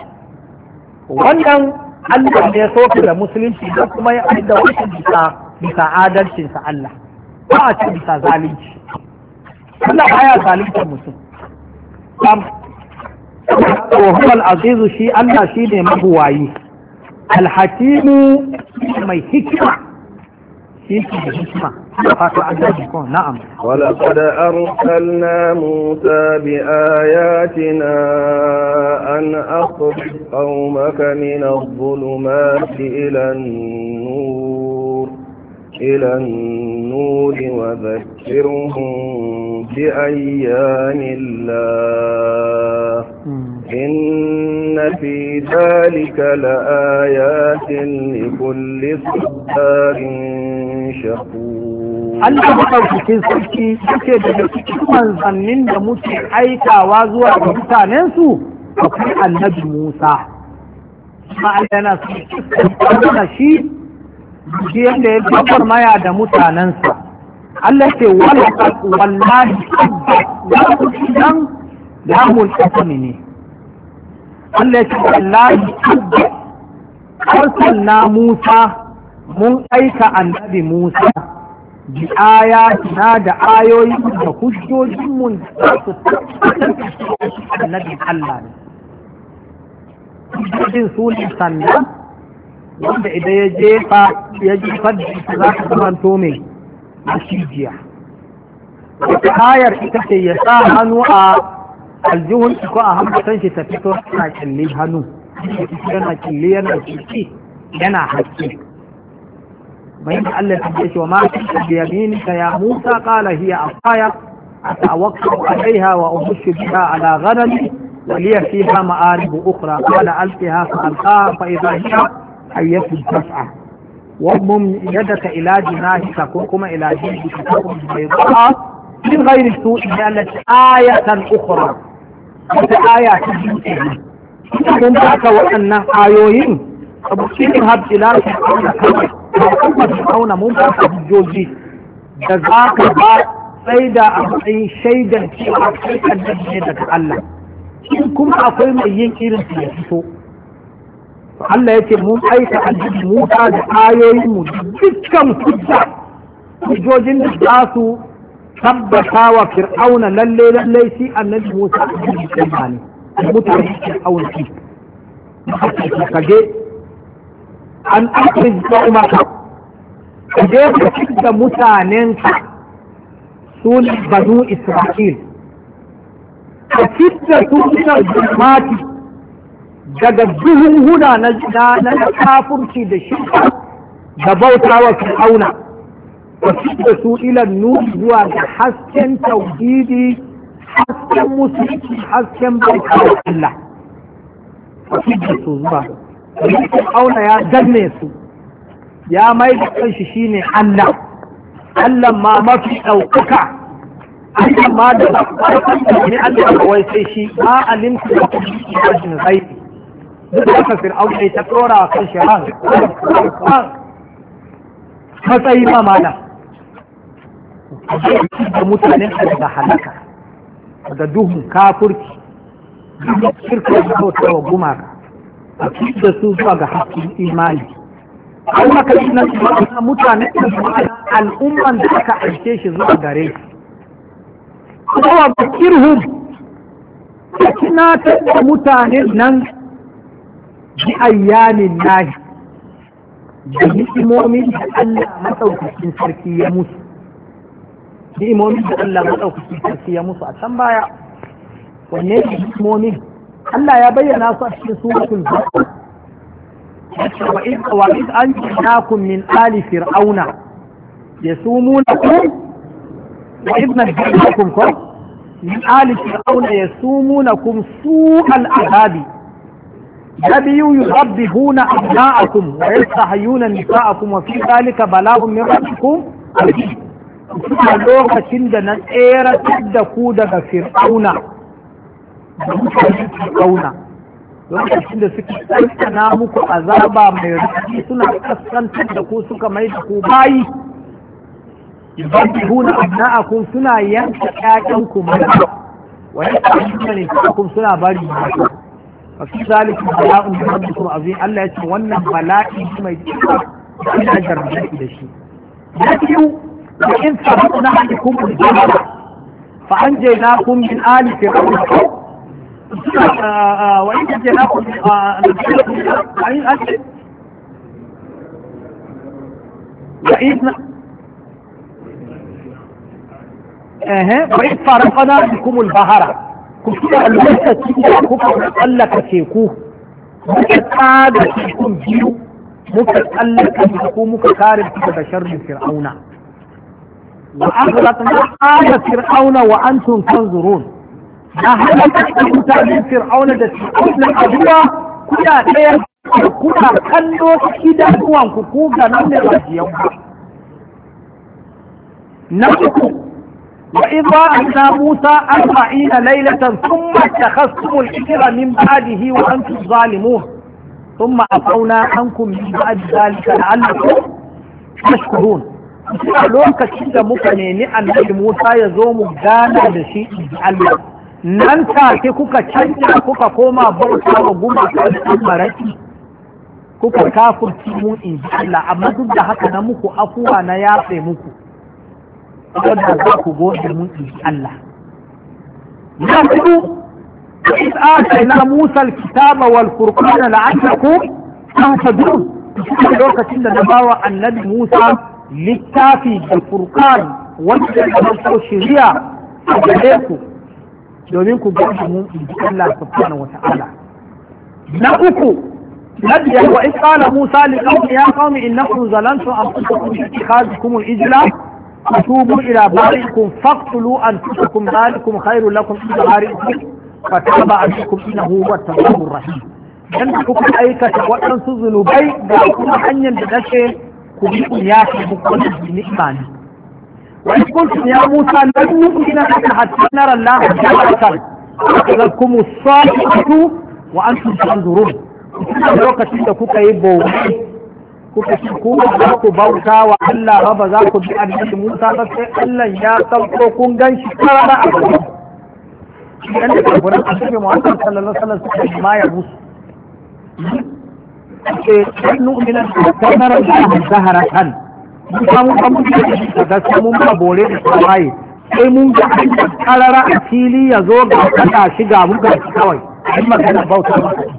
wannan Allah ne ya soke da musulunci da kuma ya aida wata bisa bisa adalcinsa Allah ba a ci bisa zalunci Allah baya zalunta mutum وهو azizu shi Allah shi ne mabuwayi الحكيم mai hikima نعم ولقد أرسلنا موسى بآياتنا أن أخرج قومك من الظلمات إلى النور إلى النور وذكرهم بأيام الله إن في ذلك لآيات لكل صدار شكور أنت بطوك في صدقي سكي دمتك من ظنين دمتك أيكا وازوا دمتا ننسو وفي النبي موسى ما علينا سكي سكي shi yadda ya kafar maya da mutanensa Allah ce wallahi ya da mun ya ne Allah ce wallahi karsan na Musa mun aika annabi Musa bi ayatina da ayoyi da mun da su annabi Allah ne. Hujjojin su ne sannan wanda idan ya jefa ya jefa da ita za ta zamanto mai mashijiya wata hayar ita ce ya sa hannu a aljihun ko a hamsan shi ta fito tana kyalli hannu yana kyalli yana ciki yana haske bayan da Allah ta ce wa ma ta yaminika ya Musa qala hiya afaya أتوقف عليها وأهش بها على غنمي ولي فيها مآرب أخرى قال ألقها فألقاها فإذا هي ayyatu tas'a wammum ka ila jinahika ko kuma ila jinahika ko kuma bai ba'a min ghairi su'i allati ayatan ukhra wata aya ta jinahika idan ta ka waɗannan ayoyin abu cikin habdila su kauna kawai da kuma su kauna mun fasa hujjoji da za ka ba sai da a matsayin shaidar cewa kai kan ne daga Allah in kuma akwai mai yin irin su ya fito Allah ya ce mun aika annabi Musa da ayoyin mu dukkan hujja hujjojin da za su tabbata wa fir'auna lalle lalle shi annabi Musa a cikin jama'a ne mutane fir'auna shi je an akhrij da kage ka je ka ci fitta mutanenka su ne banu Isra'il ka ci da su ne jama'a daga duhun na na kafurci da shi da bautawa fir'auna wa da su ilan nuri zuwa ga hasken tauhidi hasken musulunci hasken bauta Allah wa da su zuwa fir'auna ya danne su ya mai da kanshi shine Allah Allah ma mafi ɗaukaka Allah ma da ba ne Allah kawai sai shi ma alimtu da kuma shi ne duk da aka fir'auna ya ta tsora a kan shahan matsayi ma mana da mutanen a daga halaka daga duhun kafurki da shirka da bauta wa gumaka a cikin da su zuwa ga hakkin imani an maka nan na mutanen al'umman da aka aike shi zuwa gare shi kuma wa bakirhum ka tunatar da mutanen nan bi ayyamin nahi da ni'imomin da Allah madaukakin sarki ya musu ni'imomin da Allah madaukakin sarki ya musu a can baya wanne ne ni'imomin Allah ya bayyana su a cikin suratul zumar wa id wa id anjakum min ali fir'auna yasumunakum wa id najjakum min ali fir'auna yasumunakum su'al adabi na biyu yuhabbihuna abna'akum wa yastahyuna nisa'akum wa fi dhalika bala'un min Ku suna lokacin da na tseratar da ku daga fir'auna da mutane fir'auna lokacin da suke tsarkana muku azaba mai rikici suna kaskantar da ku suka mai da ku bayi yuhabbihuna abna'akum suna yanka ƴaƴanku mata wa yastahyuna nisa'akum suna bari mata فكذلك بلاء من ربك العظيم الا يتولى بلاء ثم يتولى الى جرمك الى شيء نحن لئن فرقنا عليكم الجنه فانجيناكم من ال فرعون وان جيناكم من ال فرعون وإذ فرقنا بكم البهره ku tuna lokacin da kuka tsallaka teku muka tsada tekun biyu muka tsallaka teku muka kare su daga sharrin fir'auna wa aghraqna ala fir'auna wa antum tanzurun na halaka mutanen fir'auna da fir'auna abuwa kuna ɗaya kuna kallo idanuwan ku ga nan ne ba nan uku وإذا أتى موسى أربعين ليلة ثم اتخذتم الإجر من بعده وأنتم ظالمون ثم عفونا عنكم من بعد ذلك لعلكم تشكرون a lokacin da muka nemi annabi Musa ya zo mu gana da shi Allah nan take kuka canja kuka koma bauta wa gumaka da kuka kafurci mu in Allah amma duk da haka na muku afuwa na yafe muku wadda za ku goge mun inji Allah na hudu إذ آتينا موسى الكتاب والفرقان لعلكم تهتدون lokacin da na bawa annabi Musa littafi da furqan wanda ya dauko shari'a a gare ku domin ku ga mu inji Allah subhanahu wa ta'ala na uku na biyar wa isala Musa li qaumi ya qaumi innakum zalantum anfusakum bi ittikhadikum al-ijla فتوبوا إلى بارئكم فاقتلوا أنفسكم ذلكم خير لكم إلى بارئكم فتاب عليكم إنه هو التواب الرحيم dan da kuka aikata waɗansu zunubai da kuma hanyar da nace ku bi ku ya fi muku wani ni'ima ni. wa in kuntum ya musa lan yu'mina hatta hatta nara Allah jaharatan lakum as-salihatu wa antum tanzurun lokacin da kuka yi bawai kuka ci ku za ku bauta wa Allah ba ba za ku bi annabi Musa ba sai Allah ya sauko kun ganshi karara a shi dan da kafirin annabi Muhammad sallallahu alaihi wasallam ma ya musu ce dan nu'mina da nara da zahara kan mun samu kamun da gaskiya mun ba bore da tsawaye sai mun ga karara a fili ya zo ga kada shiga muka kawai in magana bauta masa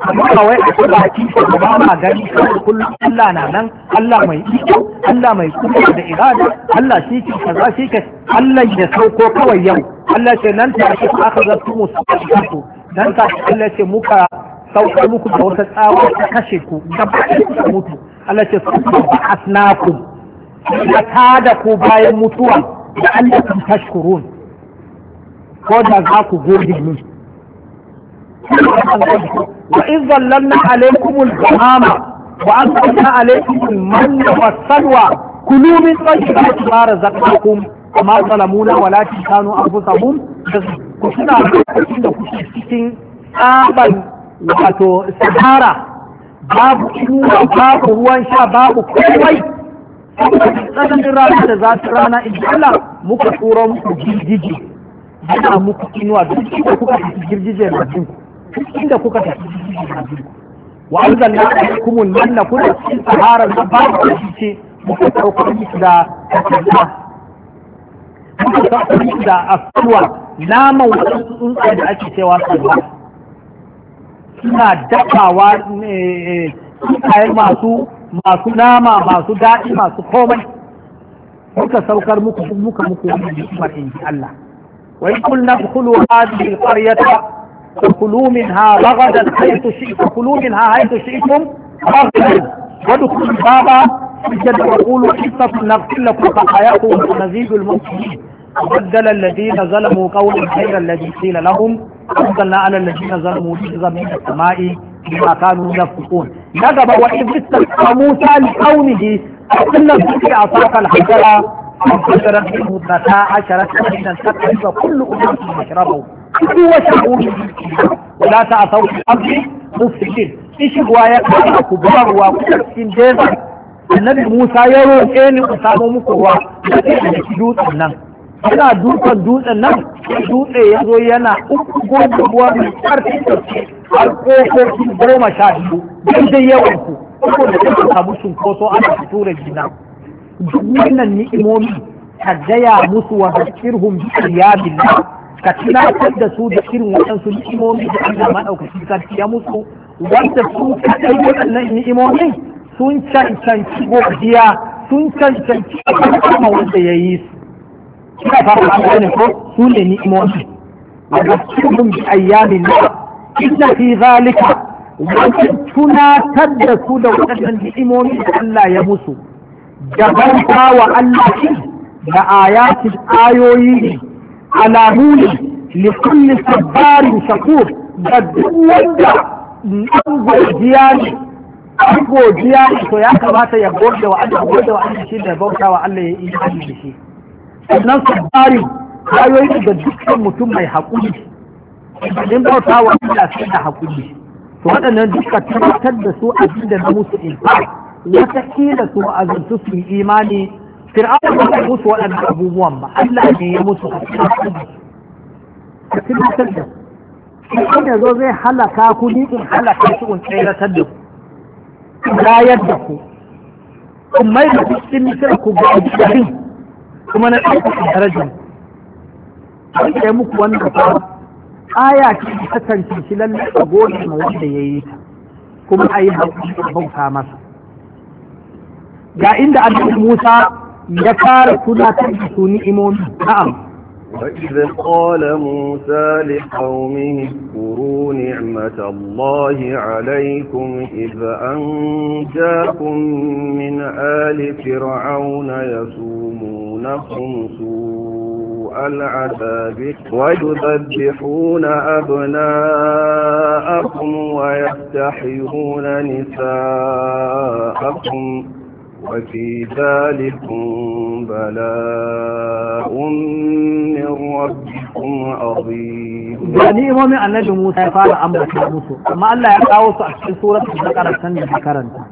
amma ba wai a kuma a cikin ba ma gani kullum Allah na nan Allah mai iko Allah mai kuma da irada Allah shi ke kaza shi ke Allah ya sauko kawai yau Allah ce nan ta shi aka zartu mu sauko nan ta shi Allah ce muka sauko muku da wata tsawo ta kashe ku gaba da mutu Allah ce su ba asnakum ya tada ku bayan mutuwa da Allah kan tashkurun ko da za ku gode min وإن ظللنا عليكم الغمامة وأنزلنا عليكم المن والسلوى كلوا من طيبات ما رزقناكم وما ظلمونا ولكن كانوا أنفسهم كنا da wato sahara babu babu ruwan sha babu komai tsananin rana da za su rana in Allah muka muku girgije ana muku inuwa da kuka girgije na jinku inda kuka tafi wa anzalna alaykum al-manna kullu sahara ba ce muka dauko miki da muka dauko miki da afwa naman wasu tsuntsaye da ake cewa salwa suna dafawa eh, eh, tsuntsaye masu masu nama masu daɗi masu komai muka saukar muku muka muku wannan ni'imar in ji Allah wa in na khulu hadhihi al-qaryata فكلوا منها رغدا حيث شئتم فكلوا منها حيث شئتم رغدا وادخلوا الباب سجدا وقولوا حصة نغفر لكم خطاياكم ونزيد المسلمين وبدل الذين ظلموا قولا غير الذي قيل لهم وانزلنا على الذين ظلموا رجزا من السماء بما كانوا يفسقون ندب واذ استسقى موسى لقومه فقلنا بك عصاك الحجر فانفجرت منه اثنتا عشره عينا فكل كل اناس مشربه kowa shaguri wala ta a asau abdi mufsidin in shigowa ya kama ku ba ruwa ku cikin desert annabi Musa ya roƙe ni ku samo muku ruwa da ke dutsen nan yana dukan dutsen nan dutse ya zo yana uku gobe ruwa mai ƙarfi har ƙofofi goma sha biyu daidai yawan ku ko da kuka samu cunkoso ana fito da jina duk wannan ni'imomi ka gaya musu wa zakirhum bi ayabillah ka tunatar da su da irin waɗansu ni'imomi da Allah maɗaukaki sarki ya musu wanda su kaɗai waɗannan ni'imomin sun cancanci godiya sun cancanci kuma wanda ya yi su Kina fara ne ko su ne ni'imomi su bin bi ayyamin na inna fi zalika wajen tunatar da su da waɗannan ni'imomi da Allah ya musu da bauta wa Allah da ayatin ayoyi ne ala ruli li kulli sabbarin shakur da duk wanda an godiya ne an ya kamata ya gode wa Allah gode shi da bauta wa Allah ya yi imani da shi sannan sabbarin kayoyi da dukkan mutum mai haƙuri in bauta wa Allah sai haƙuri to waɗannan duka tabbatar da su abin da na musu ilfa wata kila su azantu su imani fir'aun ba ta musu waɗanda abubuwan ba Allah ne ya musu a cikin da su shi ne zo zai halaka ku ni in halaka su in tseratar da ku bayar da ku in mai da cikin misir ku ga garin kuma na ɗauka a darajin. an kai muku wannan ba aya ce ta kasance shi lallai a gode ma wanda ya yi ta kuma a yi bauta masa ga inda annabi Musa ya kare tunatar da نعم وإذ قال موسى لقومه اذكروا نعمة الله عليكم إذ أنجاكم من آل فرعون يسومونكم سوء العذاب ويذبحون أبناءكم ويستحيون نساءكم وفي ذلك بلاء من ربكم عظيم يعني من النبي موسى قال أمر موسى أما الله يقاوس في سورة البقرة سنة حكرنتها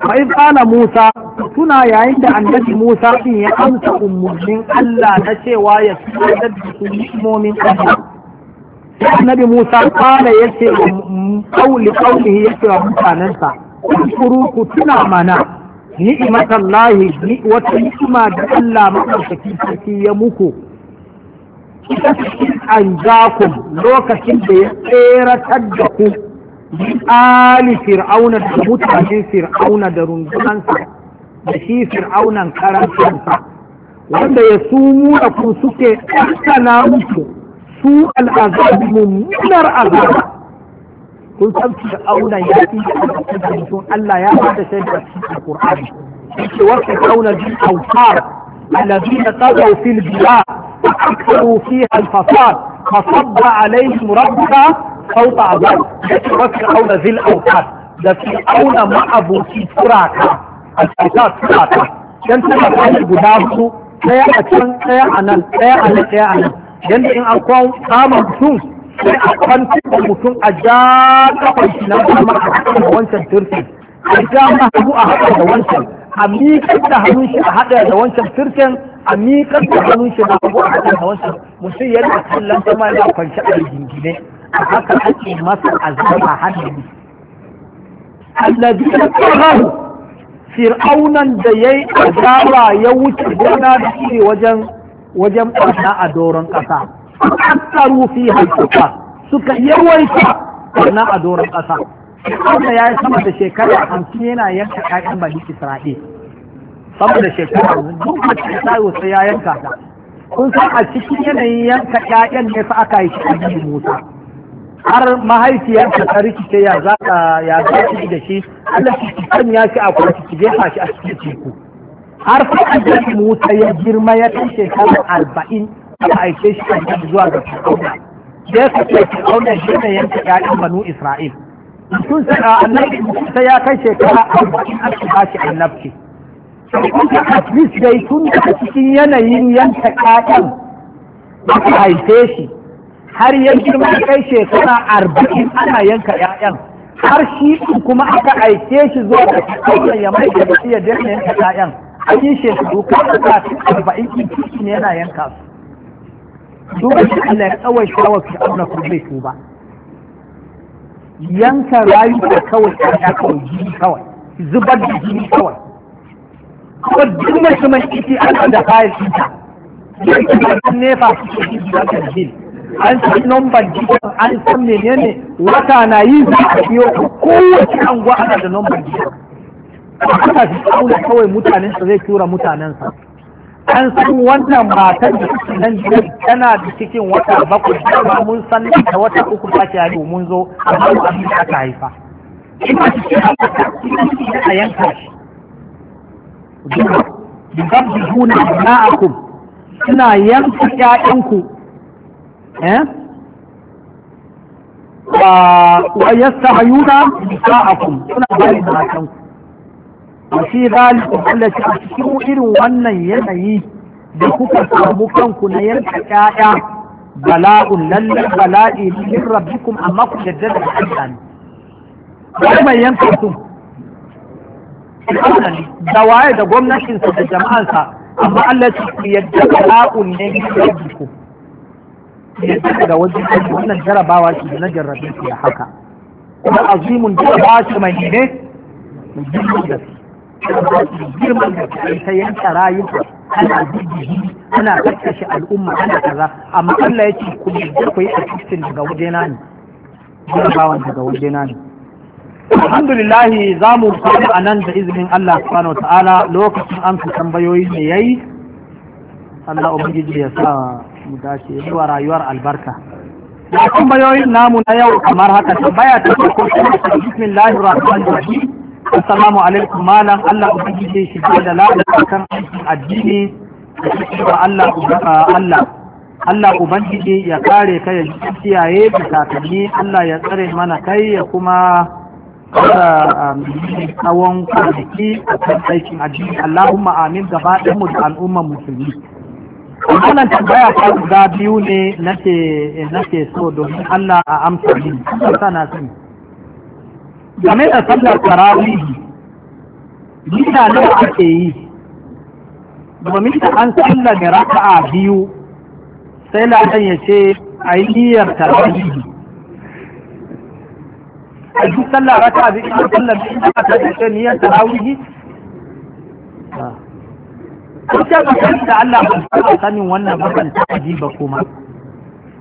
فإذ قال موسى tuna yayin da annabi Musa din ya amsa umurnin Allah na cewa ya tsada da su mu'minin Allah sai annabi Musa kana yace kauli kuru ku tuna mana Ni'i Allah ni wata ni'ima da Allah madaukaki sarki ya muku an ku lokacin da ya tseratar da ku ali fir'auna da mutane fir'auna da rundunansa da shi fir'aunan karantarsa wanda ya sumu da ku suke na muku su al'azabi mummunar azaba kun san fir'auna ya fi da mutum Allah ya bada shaida a cikin alqur'ani yake kauna fir'auna bil awtar alladhina taghaw fil bilad فأكثروا فيها الفساد فصب عليهم ربك صوت عذاب وفرعون ذي الأوتاد ده فرعون ما أبو تراكا الأوتاد تراكا كان تراكا guda su, a أتن تايا أنان تايا أنان تايا أنان yanda in an kawo kama mutum sai a kwanci da mutum a ja kafar shi na kuma a haɗa da wancan turkin a ja mahagu a haɗa da wancan a miƙar da hannun shi a haɗa da wancan turkin a miƙar da hannun shi na hagu a haɗa da wancan mutum yana kallon zama yana kwanci a rigingine a haka ake masa a azaba hannu الذين كفروا fir'aunan da ya yi azaba ya wuce gona da shi wajen wajen a doron ƙasa aktaru fi haifuka suka yawaita wani a doron ƙasa wanda ya yi sama da shekara hamsin yana yanka ƴaƴan bani isra'i sama da shekara duk da ta tayo sai ya yanka ta kun san a cikin yanayin yanka ƴaƴan ne fa aka yi shi annabi musa har mahaifiyarsa ta rikice ya za ya za da shi Allah shi san ya a kwanci ki jefa shi a cikin teku har fa annabi musa ya girma ya kai shekara arba'in aka aike shi kan zuwa ga fir'auna ya kace fir'auna shi ne yanka ƴaƴan banu isra'il sun sana annabi sai ya kai shekara arba'in aka ba shi annabci kuma at least dai tun daga cikin yanayin yanka ƴaƴan aka haife shi har ya girma kai shekara arba'in ana yanka ƴaƴan har shi kuma aka aike shi zuwa ga fir'auna ya mai da ya daina yanka ƴaƴan an yi shekaru kan arba'in ne yana yanka su duka shi Allah ya kawai shawar fir'auna ko zai tuba yanka rayuwa kawai ya kawai jini kawai zubar da jini kawai kawai duk mai iti ana da kayan ita yanka da nefa ke jini da kan jini an san nomban gidan an san menene wata na yi za a biyo kowace anguwa ana da nomban gidan haka shi kawai mutanen mutanensa zai tura mutanensa an san wannan matar da suke nan tana da cikin wata bakwai ba mun san da wata uku ta ke haihu mun zo a babu abin da aka haifa ina cikin cikin a yanka shi duka dukkan juna na'akum suna yanka ƴaƴanku eh wa yastahayuna nisa'akum suna bayar da kanku وفي ذلك التي أشكو إن وانا ينعي بكوكا سابقا كنا ينحكايا بلاء لل بلاء من ربكم أما كنت جدد حقا وما ينكتم دواعي دا gwamnatin sa da jama'ansa amma Allah ce ku yadda bala'un ne ya rabbiku yadda da wajen wannan jarabawa shi na jarrabe ya haka kuma azimun jarabawa shi mai ne mutum da su girman da ta yanka rayuka ana bibiyi ana kakkashe al'umma ana kaza amma Allah ya ce ku yarda ku yi assistin daga na ne jarabawan daga na ne alhamdulillah za mu kwana a nan da izinin Allah subhanahu wa ta'ala lokacin amsa tambayoyi ne yayi Allah ubangiji ya sa mu dace zuwa rayuwar albarka da tambayoyin namu na yau kamar haka tambaya ta farko bismillahir rahmanir rahim assalamu alaikum malam Allah ubangiji shi da lalata kan aikin addini da shi wa Allah Allah Allah ubangiji ya kare ka ya kiyaye da kakanni Allah ya tsare mana kai ya kuma kara um, tsawon kwanaki a kan aikin addini Allahumma amin gaba ɗin mu da al'ummar musulmi wannan tambaya ta guda biyu ne nake so domin Allah a amsa min sana sani game da sallar tarawihi mita nawa ake yi domin ta an da raka'a biyu sai ladan ya ce a yi niyyar tarawihi a duk sallar raka'a biyu an sallame ita ta ce niyyar tarawihi Kuka ba san da Allah ba san sanin wannan bakan ban ta ji ba kuma.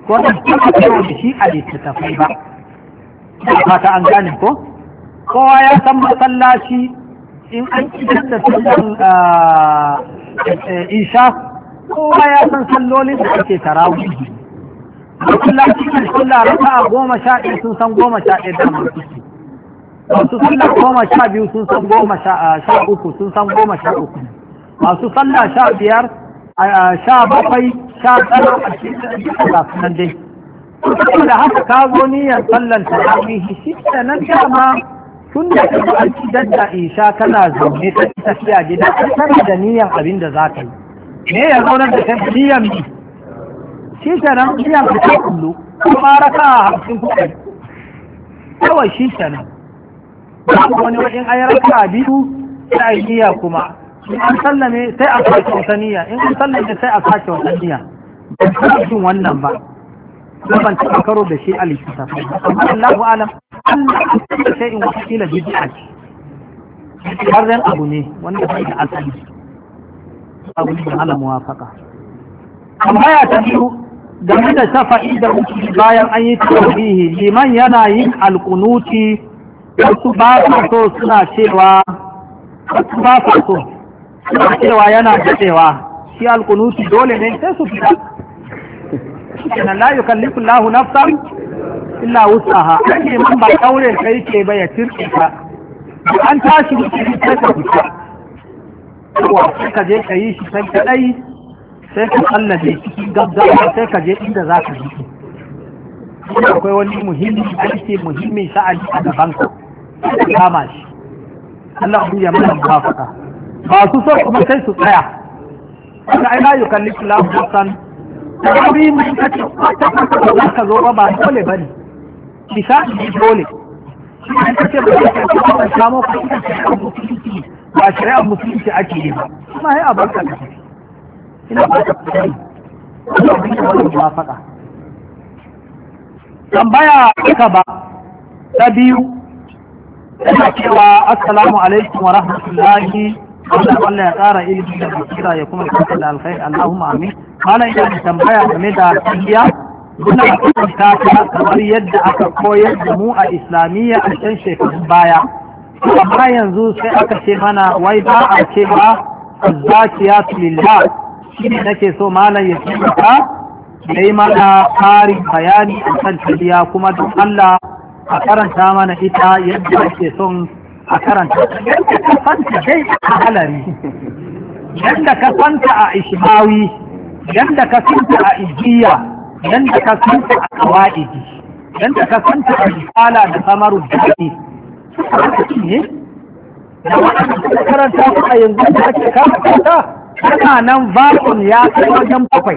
Ko ban ta da shi a littattafai ba. Ba ta an gane ko? kowa ya san masallaci in an kidan da sallan ah, eh, isha kowa ya san sallolin da ake tarawih masallaci kan sallah a goma sha ɗaya sun san goma sha ɗaya da masu masu sallah goma sha biyu sun san goma ah, sha uku sun san goma sha uku masu sallah sha biyar ah, sha bakwai sha tara a cikin da nan dai da haka ka zo niyyar sallan tarawihi shi ne nan dama tun da ka an ci dadda isha kana zaune ta tafiya gida kana da niyyar abin da za ka yi me ya zaunar da ta niyyar mi shi kenan niyyar ka ta kullu kuma raka a hamsin kuɗi kawai shi kenan babu wani wajen ayar ka a biyu sai a yi niyya kuma in an sallame sai a sake kyauta niyya in an sallame sai a sake kyauta niyya ba ta wannan ba ban taɓa karo da shi a likita amma Allahu alam Allah sai in wata kila bid'a ce harren abu ne wanda bai da asali abu ne da ala muwafaka amma ya ta biyu game da ta fa'ida wuce bayan an yi tarihi liman yana yin alkunuti wasu ba sa so suna cewa wasu ba sa so suna cewa yana daɗewa shi alkunuti dole ne sai su fita kenan la yukallifu Allahu nafsan illa wusaha ake man ba daure kai ke ba ya tirke ka an tashi shi sai ka fita Wa sai ka je ka yi shi sai kadai sai ka tsallaje cikin gaggawa sai ka je inda za ka ji akwai wani muhimmin aiki muhimmin sha'ani a gaban ka kama shi Allah ya mana mafaka ba su so kuma sai su tsaya wanda ai la yukallifu lahu nafsan ta rabi mun kace za ka zo ba ba dole ba ne. misali ne dole in ka ce ba ka ce ba ka samu fahimta ba shari'a musulunci ake yi ba kuma ai a ka ka ina ba ka fahimta Allah bai da wani muwafaqa tambaya ka ba ta biyu yana cewa assalamu alaikum wa rahmatullahi Allah Allah ya tsara ilimi da basira ya kuma kasance da alkhairi Allahumma amin malam ina tambaya game da tahiyya muna kwatanta ta kamar yadda aka koyar da mu a islamiyya a can shekarun baya amma yanzu sai aka ce mana wai ba a ce ba za ki ya azzakiya lillah shi ne nake so malam ya taimaka da yi mana ƙarin bayani a kan tabiya kuma don Allah a karanta mana ita yadda ake son a karanta yadda ka fanta dai a halari yadda ka fanta a ishimawi, yadda ka fanta a ijiya dan ka kasance a kawaidi dan ka santa a risala da samaru da ake ne da wannan karanta ku yanzu da ake karanta kana nan bakon ya kai wajen bakwai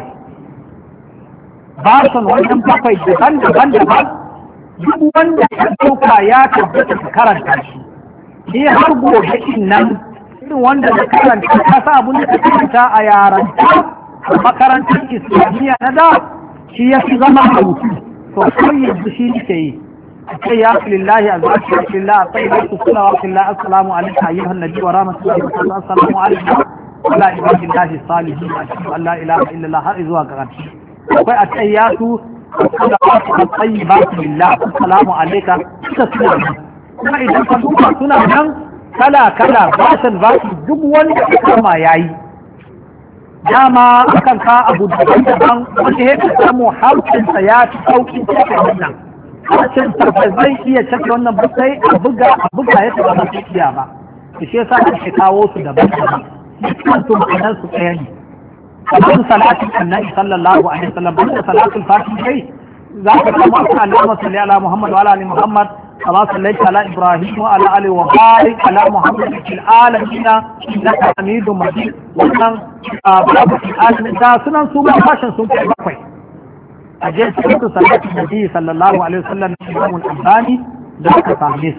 bakon wajen bakwai daban daban daban duk wanda ya dauka ya tabbata ka karanta shi ni har gobe nan irin wanda na karanta ka sa abin da ka karanta a yaran makarantar islamiyya na da shi ya fi zama hauki to kai yanzu shi nake yi Akwai ya fi lillahi albarki wa fillah ya fi kula wa fillah assalamu alaikum ayyuha annabi wa rahmatullahi wa sallam assalamu alaikum wala ilaha illallah har zuwa ga ƙarshe akwai assalamu suka suna kuma idan ka duba suna nan kala kala basan basu duk wani ya kama yayi dama akan ka abu daban-daban wanda ya ka samu harcinsa ya fi sauƙin cikin wannan harcinsa ba zai iya cikin wannan ba sai a buga a buga ya taɓa masu iya ba da shi yasa ake kawo su daban-daban dukkan su ma'anar su ɗaya ne kamar salatin annabi sallallahu alaihi wasallam banda salatin fatin kai za ka samu akan annabi salli alaihi Muhammad wa alihi Muhammad kama sallaita ala ibrahim ala ali wa barik ala muhammad fil alamin na hamidu majid wannan babu alamin sunan su ba fashin bakwai a je su kuka sallaita nabi sallallahu alaihi wasallam da imam al-albani da suka same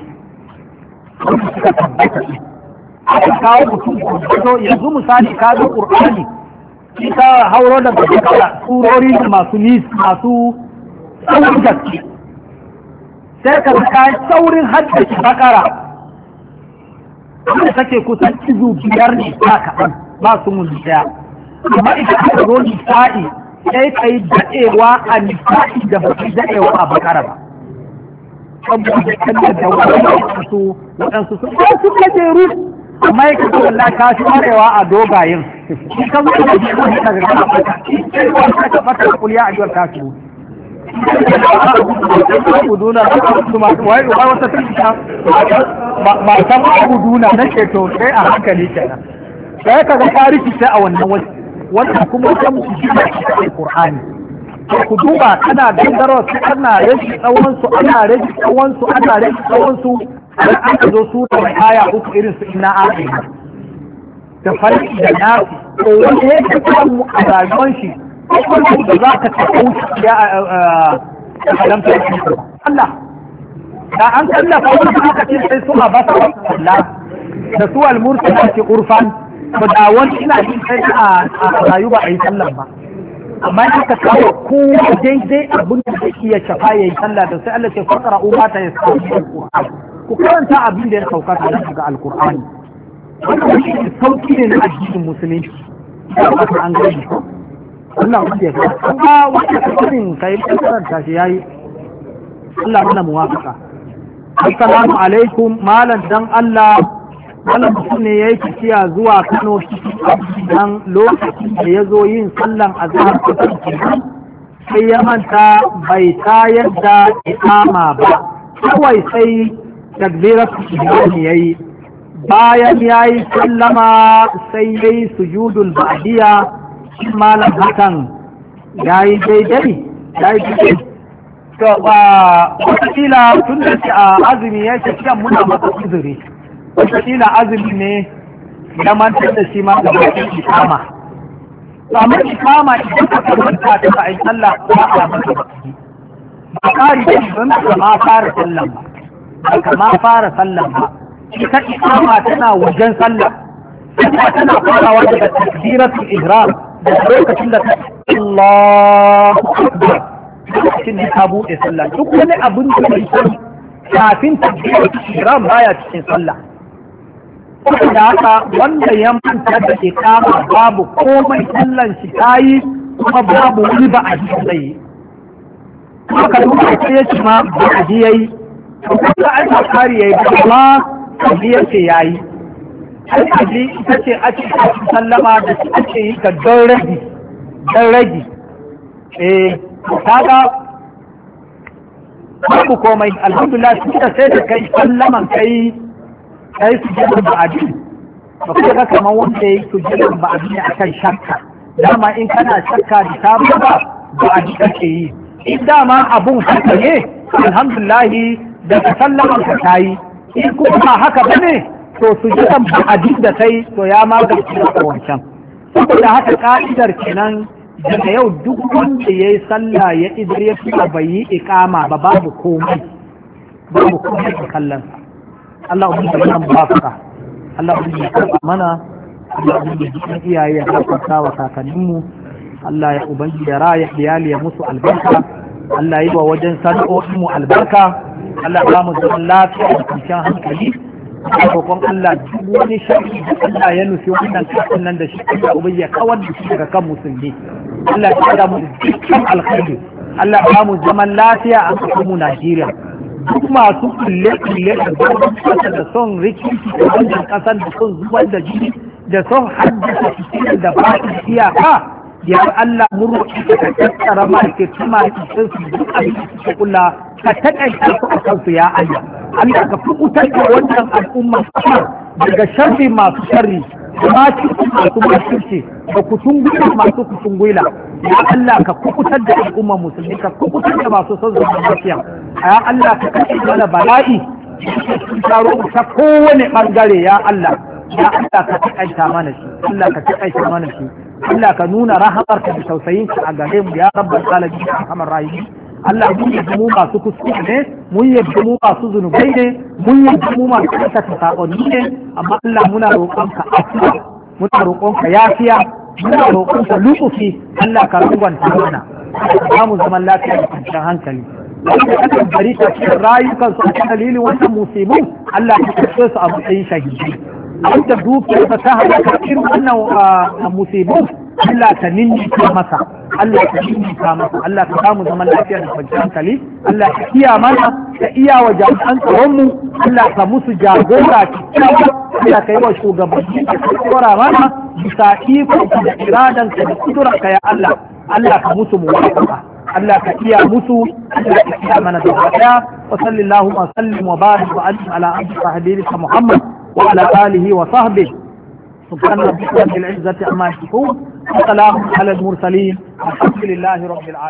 su aka kawo mutum ko zo yanzu misali ka zo qur'ani ki ka hauro da bakala surori masu nisa masu tsawon gaske sai ka ka saurin haddace bakara da kake kusan izu biyar ne ba kaɗan ba su mun daya amma ita aka zo nisa'i sai ka yi daɗewa a nisa'i da ba ka daɗewa a bakara ba saboda kallon da waɗansu waɗansu sun ba su kajeru amma ya kasu wallahi ka fi marewa a dogayen in ka zo da jikin ka ga ka fata ka fata kuliya a jiwar kasu abuduna su masu wai uba wata sun ta a san abuduna na ceto sai a hankali kenan sai ka ga ta rikice a wannan waje wannan kuma ta mu shi da alqur'ani ku duba kana gangarwa su ana rage tsawon su ana rage tsawon su ana rage tsawon su dan aka zo su da aya uku irin su ina amin da farki da nafi ko wani ya mu a rayuwar shi da za ka tafi ya kalamta Allah da an kalla tallafa wani lokacin sai su a basa Allah da su almurta da ke urfan ba da wani ina yin sai a rayu ba a yi sallan ba amma in ka kawo ko daidai abin da zai iya shafa ya yi sallah da sai Allah ce fakara uba ta ya sauki alquran ku karanta abin da ya sauka ta daga alqurani wannan sauki ne na addinin musulunci an gani Allah wanda ya fi kuma wanda yi shi yayi Allah muwafaka assalamu alaikum malam dan Allah wannan mutum ne yayi tafiya zuwa Kano dan lokacin da ya zo yin sallan azhar sai ya manta bai tayar da ikama ba kawai sai takbiratu ihram yayi bayan yayi sallama sai yayi sujudul ba'diya shi malam hakan ya yi daidai ya yi daidai to ba wataƙila tun da shi a azumi ya ce shan muna masa uzuri wataƙila azumi ne ya mantar da shi ma da bakin ikama to amma ikama idan ka karɓar ta a yi sallah ba a masa baki ba ƙari da shi don ma fara sallan ba ba ma fara sallan ba ita ikama tana wajen sallah tana farawa daga takbiratul ihram lokacin da ka Allahu lokacin da ta buɗe sallah duk wani abin da bai san kafin ta ihram baya cikin sallah da haka wanda ya manta da ikama babu komai sallan shi tayi kuma babu wani ba a ji zai haka duk da ya ce ma ba a ji yayi to kuma an tsari yayi ba ma ya ce yayi alhaji ita ce ake sallama da su ake yi ta don ragi don ragi eh kaga babu komai alhamdulillah su sai da kai sallaman kai kai su jira ba abin ba kuma ga kamar wanda ya su jira ba abin a kan shakka dama in kana shakka da ta ba ba a jika ke yi in dama abun haka ne alhamdulillah daga sallaman ka ta yi in kuma haka ba ne to su ji kan abin da kai to ya magance da wancan saboda haka ka'idar kenan daga yau duk wanda ya yi sallah ya idar ya fi bai yi ikama ba babu komai babu komai da kallon Allah ubin da ba bafaka Allah ubin da karɓa mana Allah ubin da jikin iyaye ya haɓaka wa kakanninmu Allah ya ubangi ya raya iyali ya musu albarka Allah yi wa wajen mu albarka Allah ba mu zaman lafiya da kwanciyar hankali a roƙon Allah duk wani shari'i da Allah ya nufi wannan kasan nan da shi Allah ubangi ya kawar da shi daga kan musulmi Allah ya kira mu dukkan alkhairi Allah ya mu zaman lafiya a cikin mu Najeriya duk masu kulle kulle da gwamnan kasar da son rikici da wannan kasar da son zubar da jini da son haddasa cikin da ba iyaka ya Allah mun roƙi ka tattara ma ke tuma cikin su duk abin da suke kula ka taƙaita su a kansu ya Allah Allah ka fukutar da wannan al'umma kamar daga sharri masu sharri da masu masu masu da kutungula masu kutungula ya Allah ka kukutar da al'umma musulmi ka kukutar da masu son zaman lafiya ya Allah ka kashe mana bala'i taro ta kowane bangare ya Allah ya Allah ka taƙaita mana shi Allah ka taƙaita mana shi Allah ka nuna rahamarka da tausayinka a gare mu ya rabbal alamin ya rahmar rahim Allah mun yadda mu masu kuskure ne mun yadda mu masu zunubai ne mun yadda mu masu aikata sakonni ne amma Allah muna roƙon ka afuwa muna roƙon ka yafiya muna roƙon ka lukufi Allah ka rubanta mana za mu zaman lafiya da kwanciyar hankali wanda aka bari ta cikin rayukansu a dalilin wannan musibin Allah ya kashe su a matsayin shahidai wanda da ta halaka irin wannan musibin Allah ka ninnika masa Allah ka ninnika masa Allah ka samu zaman lafiya da kwanciyar hankali Allah ka iya mana ka iya wa jami'an mu. Allah ka musu jagora kyakkyawa Allah ka yi wa shugabanni ka tsora mana bisa ikonka da iradanka da kudurarka ya Allah Allah ka musu muwafaka Allah ka iya musu Allah ka iya mana da daya wa sallallahu wa sallim wa barik wa ala abdi wa habibika Muhammad وعلى آله وصحبه سبحان ربك رب العزة عما يصفون وسلام على المرسلين الحمد لله رب العالمين